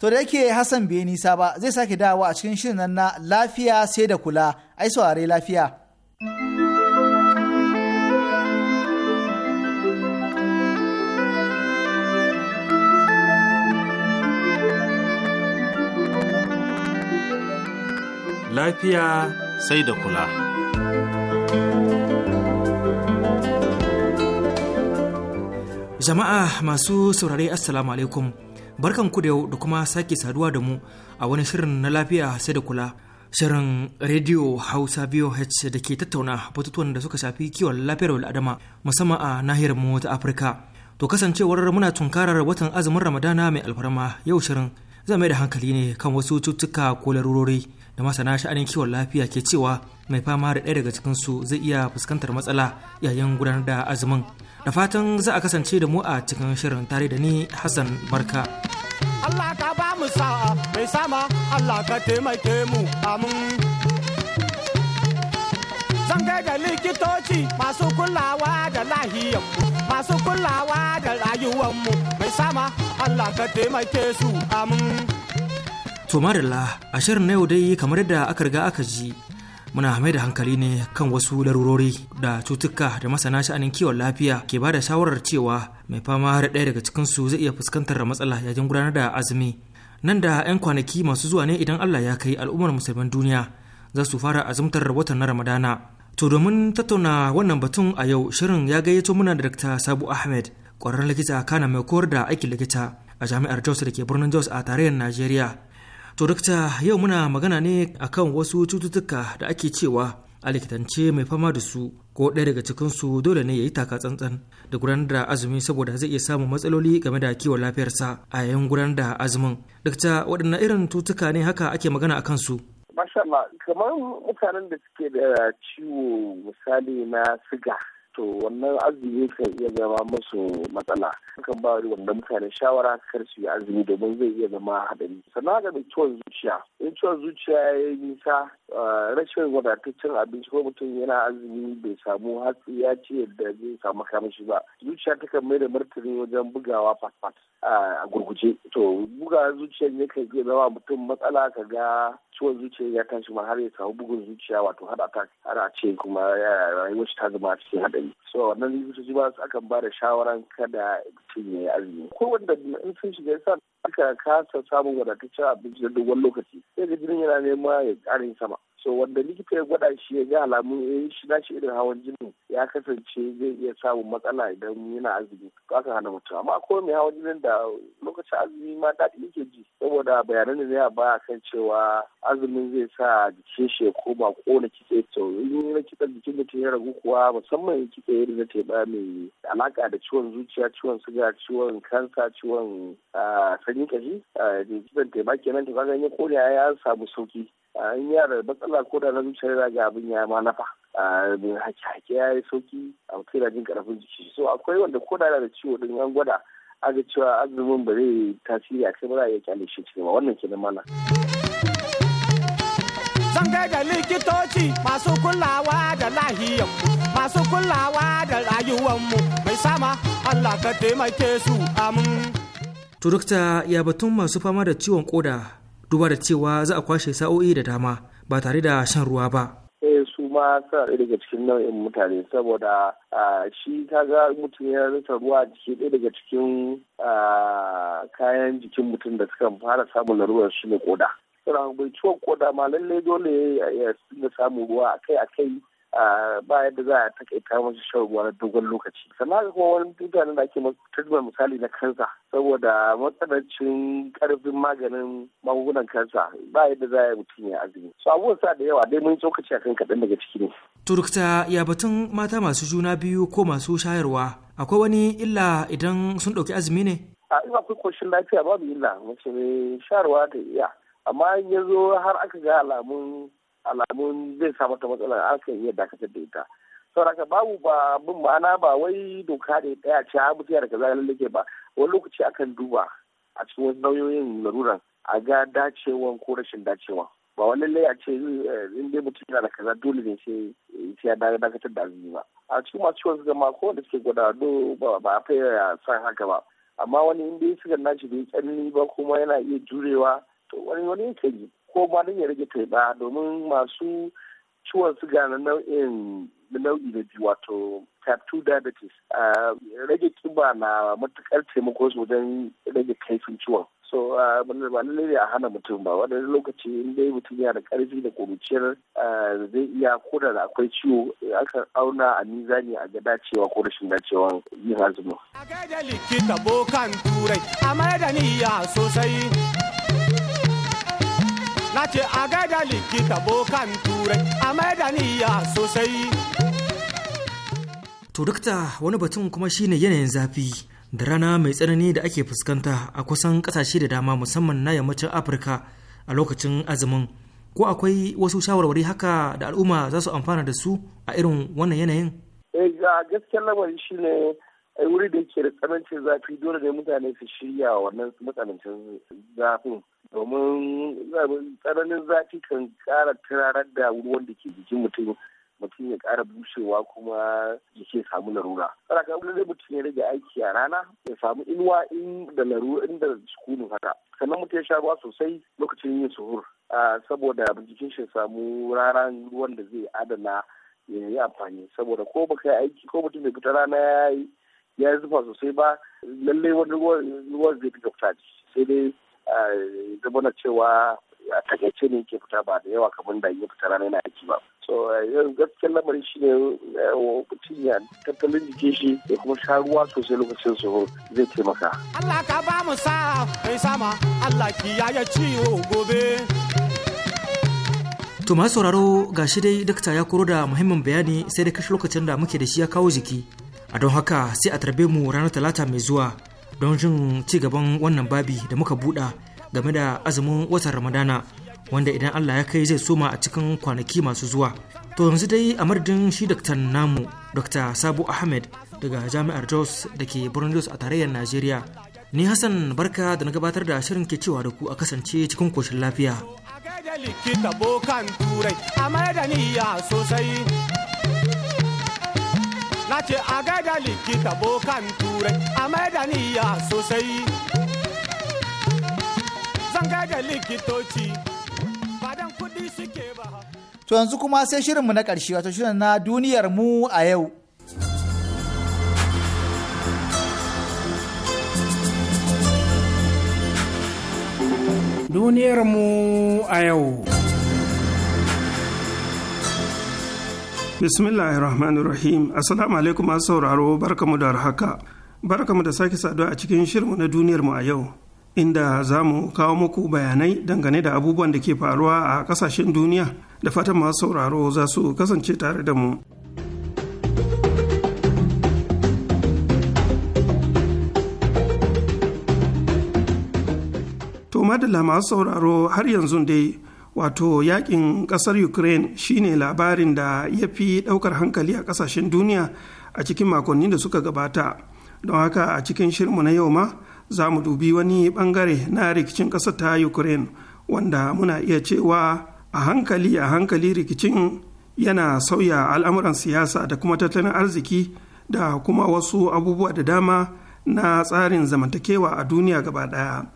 To da yake Hassan bai nisa ba zai sake dawowa a cikin shirin nan na lafiya sai da kula, ai saurare lafiya. lafiya sai da kula. Jama'a masu saurare Assalamu alaikum. Barkan ku da yau da kuma sake saduwa da mu a wani shirin na lafiya sai da kula. Shirin Radio Hausa VOH da ke tattauna batutuwan da suka shafi kiwon lafiyar al'adama musamman a nahiyar mu ta Afirka. To kasancewar muna tunkarar watan azumin Ramadana mai alfarma yau shirin zai mai da hankali ne kan wasu cututtuka ko larurori da masana sha'anin kiwon lafiya ke cewa mai fama da ɗaya daga su zai iya fuskantar matsala yayin gudanar da azumin da fatan za a kasance da mu a cikin shirin tare da ni hassan barka Allah ka ba mu sa'a mai sama Allah ka taimake mu amin zan da likitoci masu kulawa da lahiyar, masu kulawa da rayuwar mu mai sama Allah ka taimake su amin To marilla a shirin na yau dai kamar yadda aka riga aka ji muna mai da hankali ne kan wasu larurori da cutuka da masana sha'anin kiwon lafiya ke ba da shawarar cewa mai fama da ɗaya daga cikinsu zai iya fuskantar matsala yayin gudanar da azumi nan da 'yan kwanaki masu zuwa ne idan allah ya kai al'ummar musulman duniya za su fara azumtar watan na ramadana to domin tattauna wannan batun a yau shirin ya gayyato muna da dr sabu ahmed ƙwararren likita kana mai koyar da aikin likita a jami'ar jos da ke birnin jos a tarayyar najeriya To dokta yau muna magana ne akan wasu cututtuka da ake cewa a likitance mai fama da su ko ɗaya daga cikinsu dole ne ya yi taka tsantsan da gudanar da azumi saboda zai iya samun matsaloli game da kiwon lafiyarsa a yayin gudanar da azumin. Dokta waɗanne irin tutuka ne haka ake magana a kansu? Masha kamar mutanen da suke da ciwo misali na siga to wannan azumi kan iya zama musu matsala kan ba wanda mutane shawara kar su yi azumi domin zai iya zama haɗari sannan ga da ciwon zuciya in ciwon zuciya ya yi nisa eh, rashin wadataccen abinci ko mutum yana azumi bai samu hatsi ya ce yadda zai samu kamashi ba zuciya ta kan mai da martani wajen bugawa fatfat eh, a gurguje to buga zuciyar ne kan iya zama mutum matsala ka ga ciwon zuciya ya tashi ma har ya samu bugun zuciya wato har attack har a ce kuma rayuwar shi ta zama cikin haɗari so wannan likitoci ba su akan ba da shawaran kada mutum ya yi azumi ko wanda in sun shiga yasa aka kasa samun wadataccen abinci da dogon lokaci sai ga jinin yana nema ya ƙarin sama so wanda likita ya gwada shi ya ga alamun ya shi irin hawan jini ya kasance zai iya samun matsala idan yana azumi to aka hana mutum amma akwai mai hawan jinin da lokacin azumi ma daɗi yake ji saboda bayanan da ya baya kan cewa azumin zai sa jikin shi ya koma kona kitse to in na kitse jikin mutum ya ragu kuwa musamman kitse irin na teɓa mai alaka da ciwon zuciya ciwon suga ciwon kansa ciwon ah, sanyi kashi ah, kitsen teɓa kenan to kaga ya kone ya samu sauki in yara da matsala ko da na zuciya yana ga abin ya ma nafa hake ya yi sauki a mutum yana jin karfin jiki so akwai wanda ko da da ciwo din yan gwada aga cewa azumin ba zai tasiri a kai ba ya kyale shi cikin wannan kenan mana. Zan kai da likitoci masu kulawa da lahiyar masu kulawa da rayuwar mu mai sama Allah ka taimake su amin. Turukta ya batun masu fama da ciwon koda duba da cewa za a kwashe sa'o'i da dama ba tare da shan ruwa ba. eh su ma suna ɗaya daga cikin nau'in mutane saboda shi ta ga mutum ya rasa ruwa a jiki ɗaya daga cikin kayan jikin mutum da suka fara samun larurar shi ne koda. Sura bai ciwon koda ma lallai dole ya samu ruwa akai-akai ba yadda za a takaita musu shan ruwa na dogon lokaci sannan haka kuma wani mutanen da ake tuntuɓar misali na kansa saboda matsanancin karfin maganin magungunan kansa ba yadda za a mutum ya azumi su abubuwan sa da yawa dai mun tsokaci akan kaɗan daga ciki ne. turkta ya batun mata masu juna biyu ko masu shayarwa akwai wani illa idan sun ɗauki azumi ne. a ina akwai koshin lafiya babu illa mace mai shayarwa ta iya amma in ya zo har aka ga alamun alamun zai samu ta matsala a kan iya dakatar da ita saboda babu ba bin ma'ana ba wai doka ne daya ce a mutu da kaza lallake ba wani lokaci akan duba a cikin wasu nauyoyin laruran a ga dacewan ko rashin dacewa ba wani lallai a ce eh, in dai mutum yana da kaza dole ne sai eh, ya dakatar da azumi ba a cikin masu ciwon zama ma ko da suke gwada do ba a fayar san haka ba amma wani in dai suka nashi bai tsanani ba kuma yana iya jurewa to wani wani yake yi ko ma ya rage taiba domin masu ciwon siga na nau'in nau'i da biyu wato type 2 diabetes rage kiba na matukar taimako su wajen rage kaifin ciwon so ba ne a hana mutum ba wani lokaci in dai mutum yana da karfi da kuruciyar zai iya ko da akwai ciwo aka auna a mizani a ga dacewa ko rashin dacewa yin azumi. A gaida likita bokan turai a da niyya sosai na ce a gaida likita bokan turai a da niyya sosai to dukta wani batun kuma shine yanayin zafi da rana mai tsanani da ake fuskanta a kusan kasashe da dama musamman na yammacin afirka a lokacin azumin ko akwai wasu shawarwari haka da al'umma za su amfana da su a irin wannan yanayin? Eh, gaskiyar lamarin shine wuri da yake da tsanancin zafi dole ne mutane su shirya wannan matsanancin zafin domin tsananin zafi kan kara turarar da ruwan da ke jikin mutum mutum ya kara bushewa kuma ke samu larura. ka wani zai mutum ya rage aiki a rana ya samu inuwa da larura inda sukunin haka. Sannan mutum ya sha ruwa sosai lokacin yin suhur saboda jikin shi samu raran ruwan da zai adana ya yi amfani saboda ko baka yi aiki ko mutum bai fita rana ya yi ya zufa sosai ba lallai wani ruwan zai fi fita sai dai zama cewa a takaice ne yake fita ba da yawa kamar da ya fita rana na aiki ba so yanzu gaskiyar lamarin shi ne mutum ya tattalin jike shi ya kuma sha ruwa sosai lokacin su zai taimaka. Allah ka ba mu sa mai sama Allah ki ya ya ciwo gobe. To masu sauraro ga shi dai dakta ya koro da muhimmin bayani sai da kashe lokacin da muke da shi ya kawo jiki. a don haka sai a tarbe mu ranar talata mai zuwa don jin ci gaban wannan babi da muka buɗa game da azumin watan ramadana wanda idan allah ya kai zai soma a cikin kwanaki masu zuwa to yanzu dai a madadin shi daktan namu dr sabu ahmed daga jami'ar jos da ke birnin jos a tarayyar najeriya ni hassan barka da na gabatar da shirin ke cewa da ku a kasance cikin koshin lafiya a likita sosai na ce a gaida likita bokan turai a maidaniya sosai zan gaida likitoci ba dan kuɗi suke ba to yanzu kuma sai shirin mu na ƙarshe wato shirin na duniyar mu a yau Duniyar mu a yau. Bismillahirrahmanirrahim. Assalamu alaikum masu sauraro barkamu da haka. Barkamu da sake saduwa a cikin shirinmu na duniyar mu a yau. Inda za mu kawo muku bayanai dangane da abubuwan da ke faruwa a kasashen duniya da fatan masu sauraro za su kasance tare da mu. To madalla masu sauraro har yanzu dai wato yakin kasar ukraine shine labarin da ya fi daukar hankali a kasashen duniya a cikin makonni da suka gabata don haka a cikin shirmu na yau ma za mu dubi wani bangare na rikicin kasar ta ukraine wanda muna iya cewa a hankali a hankali rikicin yana sauya al'amuran siyasa da kuma tattalin arziki da kuma wasu abubuwa da dama na tsarin zamantakewa a duniya gaba daya.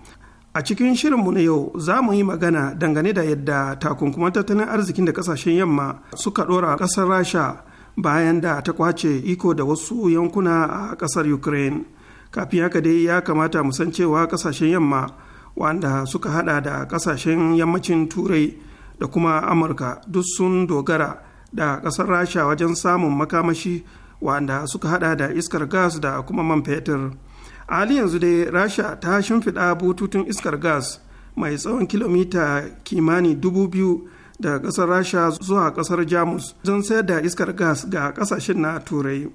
A cikin shirinmu na yau za mu yi magana dangane da yadda takunkuman tattalin arzikin da kasashen yamma suka ɗora ƙasar Rasha bayan da ta kwace iko da wasu yankuna a ƙasar Ukraine. Kafin haka dai ya kamata mu san cewa ƙasashen yamma wanda suka hada da ƙasashen yammacin Turai da kuma Amurka duk sun dogara da ƙasar Rasha wajen samun makamashi wanda suka hada da iskar gas da kuma man fetur. a hali yanzu dai rasha ta shimfiɗa bututun iskar gas mai tsawon kilomita kimani dubu biyu daga ƙasar rasha zuwa ƙasar jamus don sayar da iskar gas ga ƙasashen na turai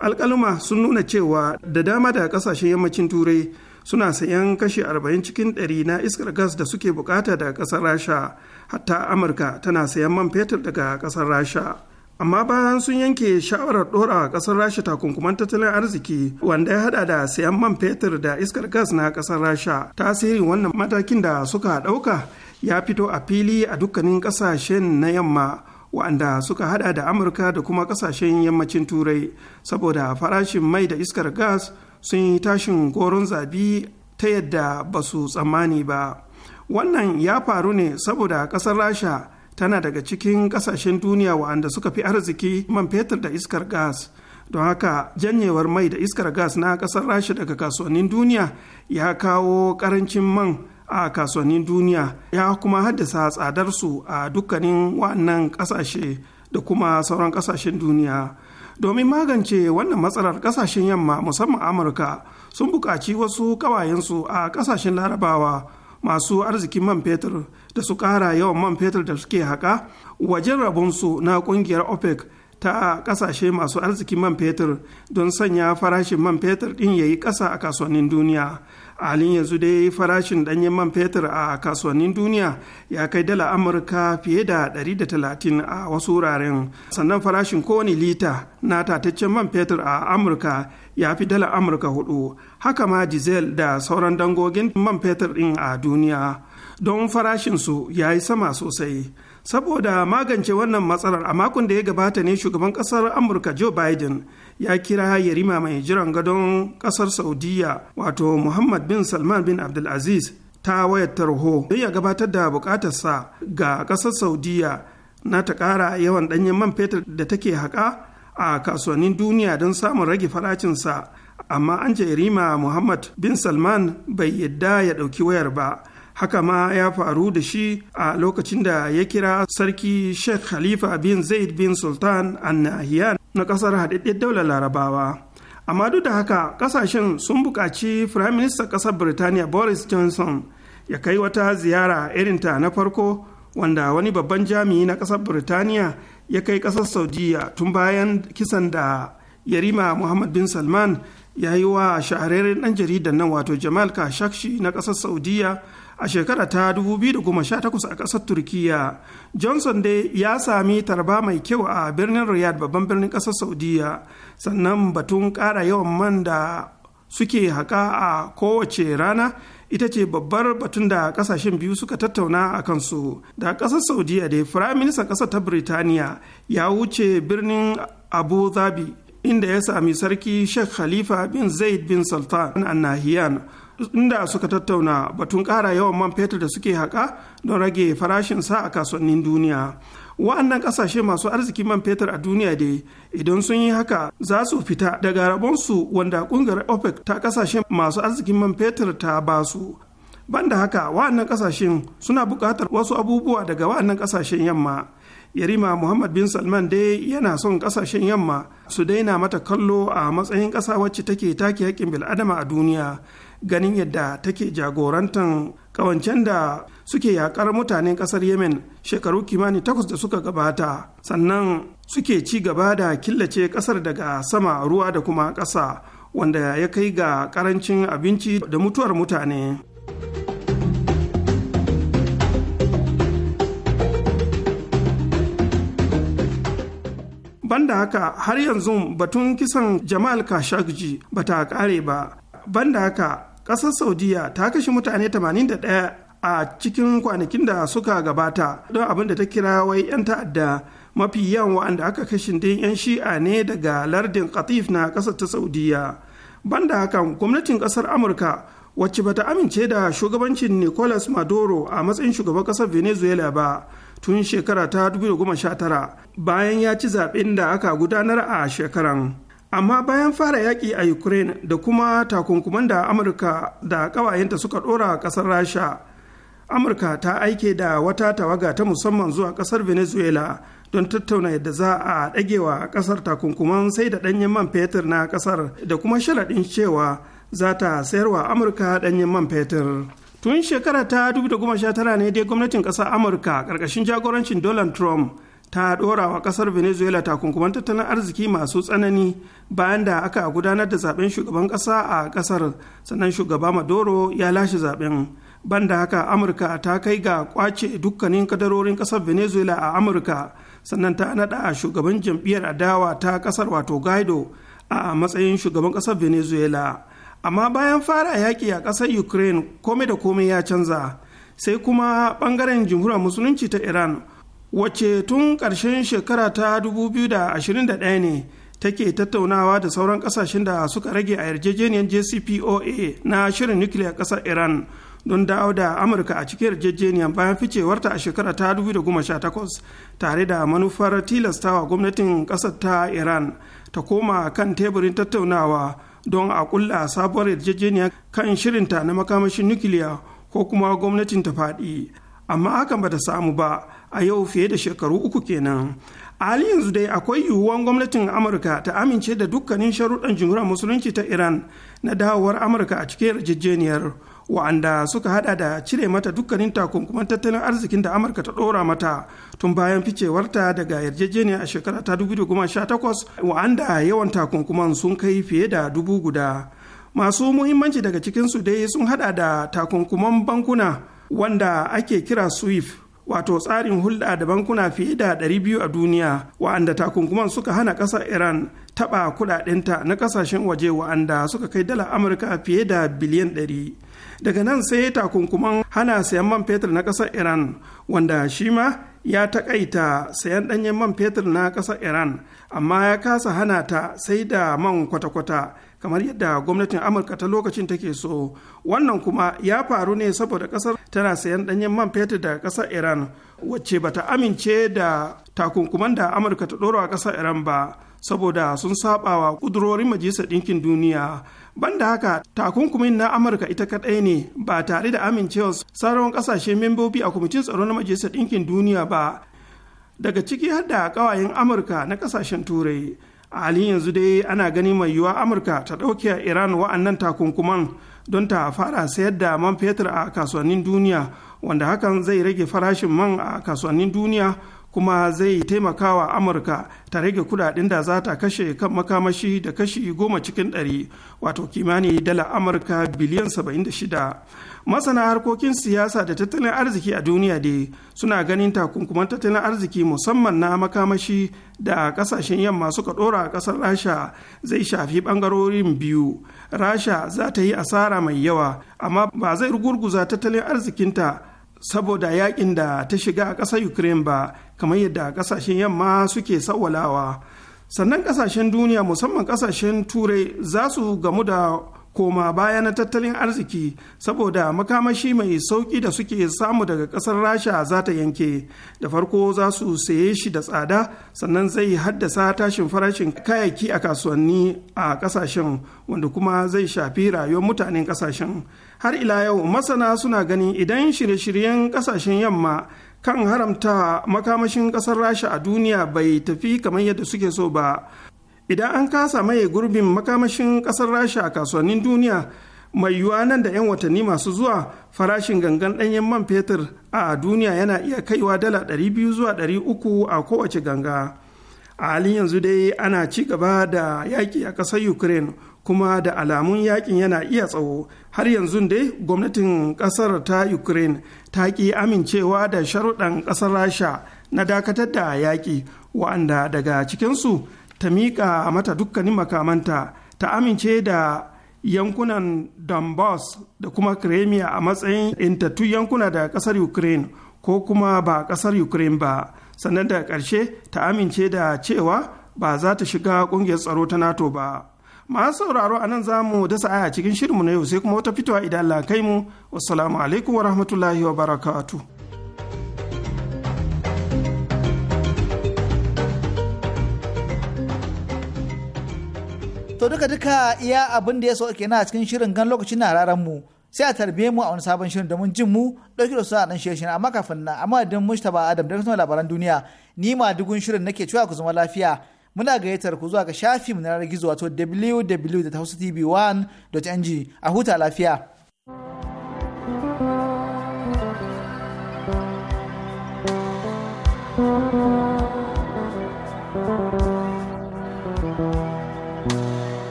alƙaluma sun nuna cewa da dama da ƙasashen yammacin turai suna sayan kashi 40 cikin 100 na iskar gas da suke bukata daga ƙasar rasha hatta amurka tana sayan man fetur daga ƙasar rasha amma bayan sun yanke shawarar dora kasar rasha takunkuman tattalin arziki wanda ya hada da sayan man fetur da iskar gas na kasar rasha tasirin wannan matakin da suka dauka ya fito a fili a dukkanin kasashen na yamma wanda suka hada da amurka da kuma kasashen yammacin turai saboda farashin mai da iskar gas sun yi tashin goron zabi ta yadda ba su tsammani ba wannan ya faru ne saboda kasar rasha tana daga cikin kasashen duniya wa'anda suka fi arziki man fetur da iskar gas don haka janyewar mai da iskar gas na kasar rasha daga kasuwannin duniya ya kawo karancin man a kasuwannin duniya ya kuma haddasa tsadarsu a dukkanin wa'annan kasashe da kuma sauran kasashen duniya domin magance wannan matsalar kasashen yamma musamman amurka sun buƙaci wasu ƙawayensu a kasashen larabawa masu arzikin man fetur da su kara yawan man fetur da suke haka wajen rabonsu na kungiyar opec ta kasashe masu arzikin man fetur don sanya farashin man fetur din ya yi ƙasa a kasuwannin duniya halin yanzu dai farashin ɗanyen man fetur a kasuwannin duniya ya kai dala amurka fiye da 130 a wasu wuraren sannan farashin kowane lita na tataccen man fetur a amurka ya fi dala amurka hudu haka ma diesel da sauran dangogin man fetur ɗin a duniya don farashinsu ya yi sama sosai saboda magance wannan matsalar a makon da ya gabata ne shugaban ƙasar amurka joe biden ya kira yarima mai jiran gadon kasar saudiya wato muhammad bin salman bin abdulaziz ta wayar tarho don ya gabatar da bukatarsa ga kasar saudiya na ta kara yawan danyen man fetur da take haƙa a kasuwannin duniya don samun rage faracinsa amma an yarima muhammad bin salman bai yadda ya ɗauki wayar ba haka ma ya faru da shi a lokacin da ya kira sarki sheikh khalifa bin zaid bin sultan an nahiyan na kasar haɗaɗɗen daular larabawa amma duk da haka kasashen sun buƙaci firayim minista ƙasar birtaniya boris johnson ya kai wata ziyara irinta na farko wanda wani babban jami'i na ƙasar birtaniya ya kai ƙasar saudiya tun bayan kisan da yarima muhammad bin salman ya yi wa shahararren ɗan jaridan nan wato jamal khashoggi na ƙasar saudiya a shekara ta 2018 a ƙasar turkiya johnson dai ya sami tarba mai kyau a birnin riyadh babban birnin ƙasar saudiya sannan batun kara yawan man da suke haƙa a kowace rana ita ce babbar batun da kasashen biyu suka tattauna a kansu da ƙasar saudiya da firayim ministan ƙasar ta birtaniya ya wuce birnin abu dhabi inda ya sami sarki sheikh khalifa bin zaid bin sultan an nahiyan inda suka tattauna batun kara yawan man fetur da suke haƙa don rage farashinsa a kasuwannin duniya wa'annan ƙasashe masu arziki man fetur a duniya dai idan sun yi haka za su fita daga rabonsu wanda ƙungiyar opec ta ƙasashe masu arzikin man fetur ta basu banda haka wa'annan ƙasashen suna buƙatar wasu abubuwa daga wa'annan ƙasashen yamma yarima muhammad bin salman dai yana son kasashen yamma su daina mata kallo a matsayin ƙasa wacce take take haƙƙin bil'adama a duniya ganin yadda take jagorantar kawancen da suke yakar mutanen kasar yemen shekaru kimani takwas da suka gabata sannan suke ci gaba da killace kasar daga sama ruwa da kuma ƙasa wanda ya kai ga karancin abinci da mutuwar mutane banda haka har yanzu batun kisan jamal khashoggi ta kare ba banda haka ƙasar saudiya ta kashe mutane 81 a cikin kwanakin da suka gabata don abin da ta kira wai 'yan ta'adda mafi yawan wa'anda aka kashe din 'yan shi'a ne daga lardin katif na ƙasar ta saudiya banda hakan gwamnatin ƙasar amurka wacce bata amince da shugabancin nicolas maduro a matsayin shugaban ƙasar venezuela ba tun shekara ta 2019 bayan ya ci zaɓen da aka gudanar a shekaran amma bayan fara yaƙi a ukraine da kuma takunkuman da amurka da ƙawayenta suka ɗora a ƙasar rasha amurka ta aike da wata tawaga ta musamman zuwa ƙasar venezuela don tattauna yadda za a ɗagewa ƙasar takunkuman sai da ɗanyen man fetur na ƙasar da kuma sharaɗin cewa za ta sayarwa amurka ɗanyen man fetur tun shekara ta 2019 ne dai gwamnatin ƙasar amurka ƙarƙashin jagorancin donald trump ta dorawa wa ƙasar venezuela takunkuman tattalin arziki masu tsanani bayan da aka gudanar da zaben shugaban kasa a kasar sannan shugaba maduro ya lashe zaben banda haka amurka ta kai ga kwace dukkanin kadarorin kasar venezuela a amurka sannan ta naɗa shugaban jam'iyyar adawa ta kasar wato guaido a matsayin shugaban kasar venezuela amma bayan fara yaki a kasar ukraine kome da kome ya canza sai kuma bangaren jimhuriyar musulunci ta iran wacce tun ƙarshen shekara ta 2021 ne take tattaunawa da sauran kasashen da suka rage a yarjejeniyar jcpoa na shirin nukiliyar ƙasar iran don dawo da amurka a cikin yarjejeniyar bayan ficewarta a shekara ta 2018 tare da manufar tilastawa gwamnatin ƙasar ta iran ta koma kan teburin tattaunawa don a kulla sabuwar yarjejeniyar kan shirinta na makamashin nukiliya ko kuma gwamnatin ta faɗi amma hakan bata samu ba a yau fiye da shekaru uku kenan hali yanzu dai akwai yiwuwan gwamnatin amurka ta amince da dukkanin sharuɗan jimhuriyar musulunci ta iran na dawowar amurka a cikin yarjejeniyar wa'anda suka hada da cire mata dukkanin takunkuman tattalin arzikin da amurka ta ɗora mata tun bayan ficewarta daga yarjejeniyar a shekara ta 2018 wa'anda yawan takunkuman sun kai fiye da dubu guda masu muhimmanci daga cikinsu dai sun hada da takunkuman bankuna wanda ake kira swift wato tsarin hulɗa da bankuna fiye da 200 a duniya wa'anda takunkuman suka hana ƙasar iran taɓa kuɗaɗenta na ƙasashen waje wa'anda suka kai dala amurka fiye da biliyan 100 daga nan sai takunkuman hana sayan man fetur na ƙasar iran wanda shi ma ya taƙaita sayan ɗanyen man fetur na ƙasar iran amma ya kasa hana ta sai da man kwata-kwata kamar yadda gwamnatin amurka ta lokacin take so wannan kuma ya faru ne saboda kasar tana sayan danyen man fetur daga kasar iran wacce bata amince da takunkuman da amurka ta dora a kasar iran ba saboda sun saba wa kudurorin majalisar ɗinkin duniya banda haka takunkumin na amurka ita kaɗai ne ba tare da amincewa sauran ƙasashe membobi a kwamitin tsaro na majalisar ɗinkin duniya ba daga ciki har da ƙawayen amurka na ƙasashen turai a halin yanzu dai ana gani mai yiwuwa amurka ta ɗauke iran wa'annan takunkuman don ta fara sayar da man fetur a kasuwannin duniya wanda hakan zai rage farashin man a kasuwannin duniya kuma zai taimakawa amurka ta rage kudaden da za ta kashe kan makamashi da kashi goma cikin ɗari wato kimanin dala amurka biliyan 76 masana harkokin siyasa da tattalin arziki a duniya da suna ganin takunkuman tattalin arziki musamman na makamashi da kasashen yamma suka dora a kasar rasha zai shafi bangarorin biyu rasha za ta yi asara mai yawa amma ba zai rugurguza tattalin arzikinta saboda yakin da ta shiga a ƙasar ukraine ba kamar yadda kasashen yamma suke sawwalawa sannan kasashen duniya musamman kasashen turai za su gamu da koma baya na tattalin arziki saboda makamashi mai sauƙi da suke samu daga ƙasar rasha za ta yanke da farko za su saye shi da tsada sannan zai haddasa tashin farashin kayayyaki a kasuwanni a ƙasashen wanda kuma zai shafi rayuwar mutanen ƙasashen har ila yau masana suna ganin idan shirye-shiryen ƙasashen yamma kan haramta makamashin ƙasar rasha a duniya bai tafi kamar yadda suke so ba idan an kasa maye gurbin makamashin kasar rasha a kasuwannin duniya mai yiwuwa nan da 'yan watanni masu zuwa farashin gangan ɗanyen man fetur a duniya yana iya kaiwa dala 200 zuwa 300 a kowace ganga a halin yanzu dai ana ci gaba da yaƙi a ƙasar ukraine kuma da alamun yaƙin yana iya tsawo har yanzu dai gwamnatin ƙasar ta ukraine ta ƙi amincewa da sharuɗan ƙasar rasha na dakatar da yaƙi wa'anda daga cikinsu ta miƙa mata dukkanin makamanta ta amince da yankunan donbass da kuma kremia a matsayin intattu yankuna da kasar ukraine ko kuma ba ƙasar ukraine ba sannan da karshe ta amince da cewa ba za ta shiga ƙungiyar tsaro ta nato ba masu sauraro a nan za mu dasa aya cikin shirinmu na yau sai kuma wata fitowa idan Allah kai mu wasu alaikum wa rahmatullahi wa barakatuh to duka duka iya abin da ya so na a cikin shirin gan lokacin na raran mu sai a tarbiye mu a wani sabon shirin domin jin mu dauki da a dan shirin amma kafin na amma din Mustapha Adam da kuma labaran duniya ni ma dugun shirin nake cewa ku zama lafiya muna gayyatar ku zuwa ga shafi mu na gizo wato www.housetv1.ng a huta lafiya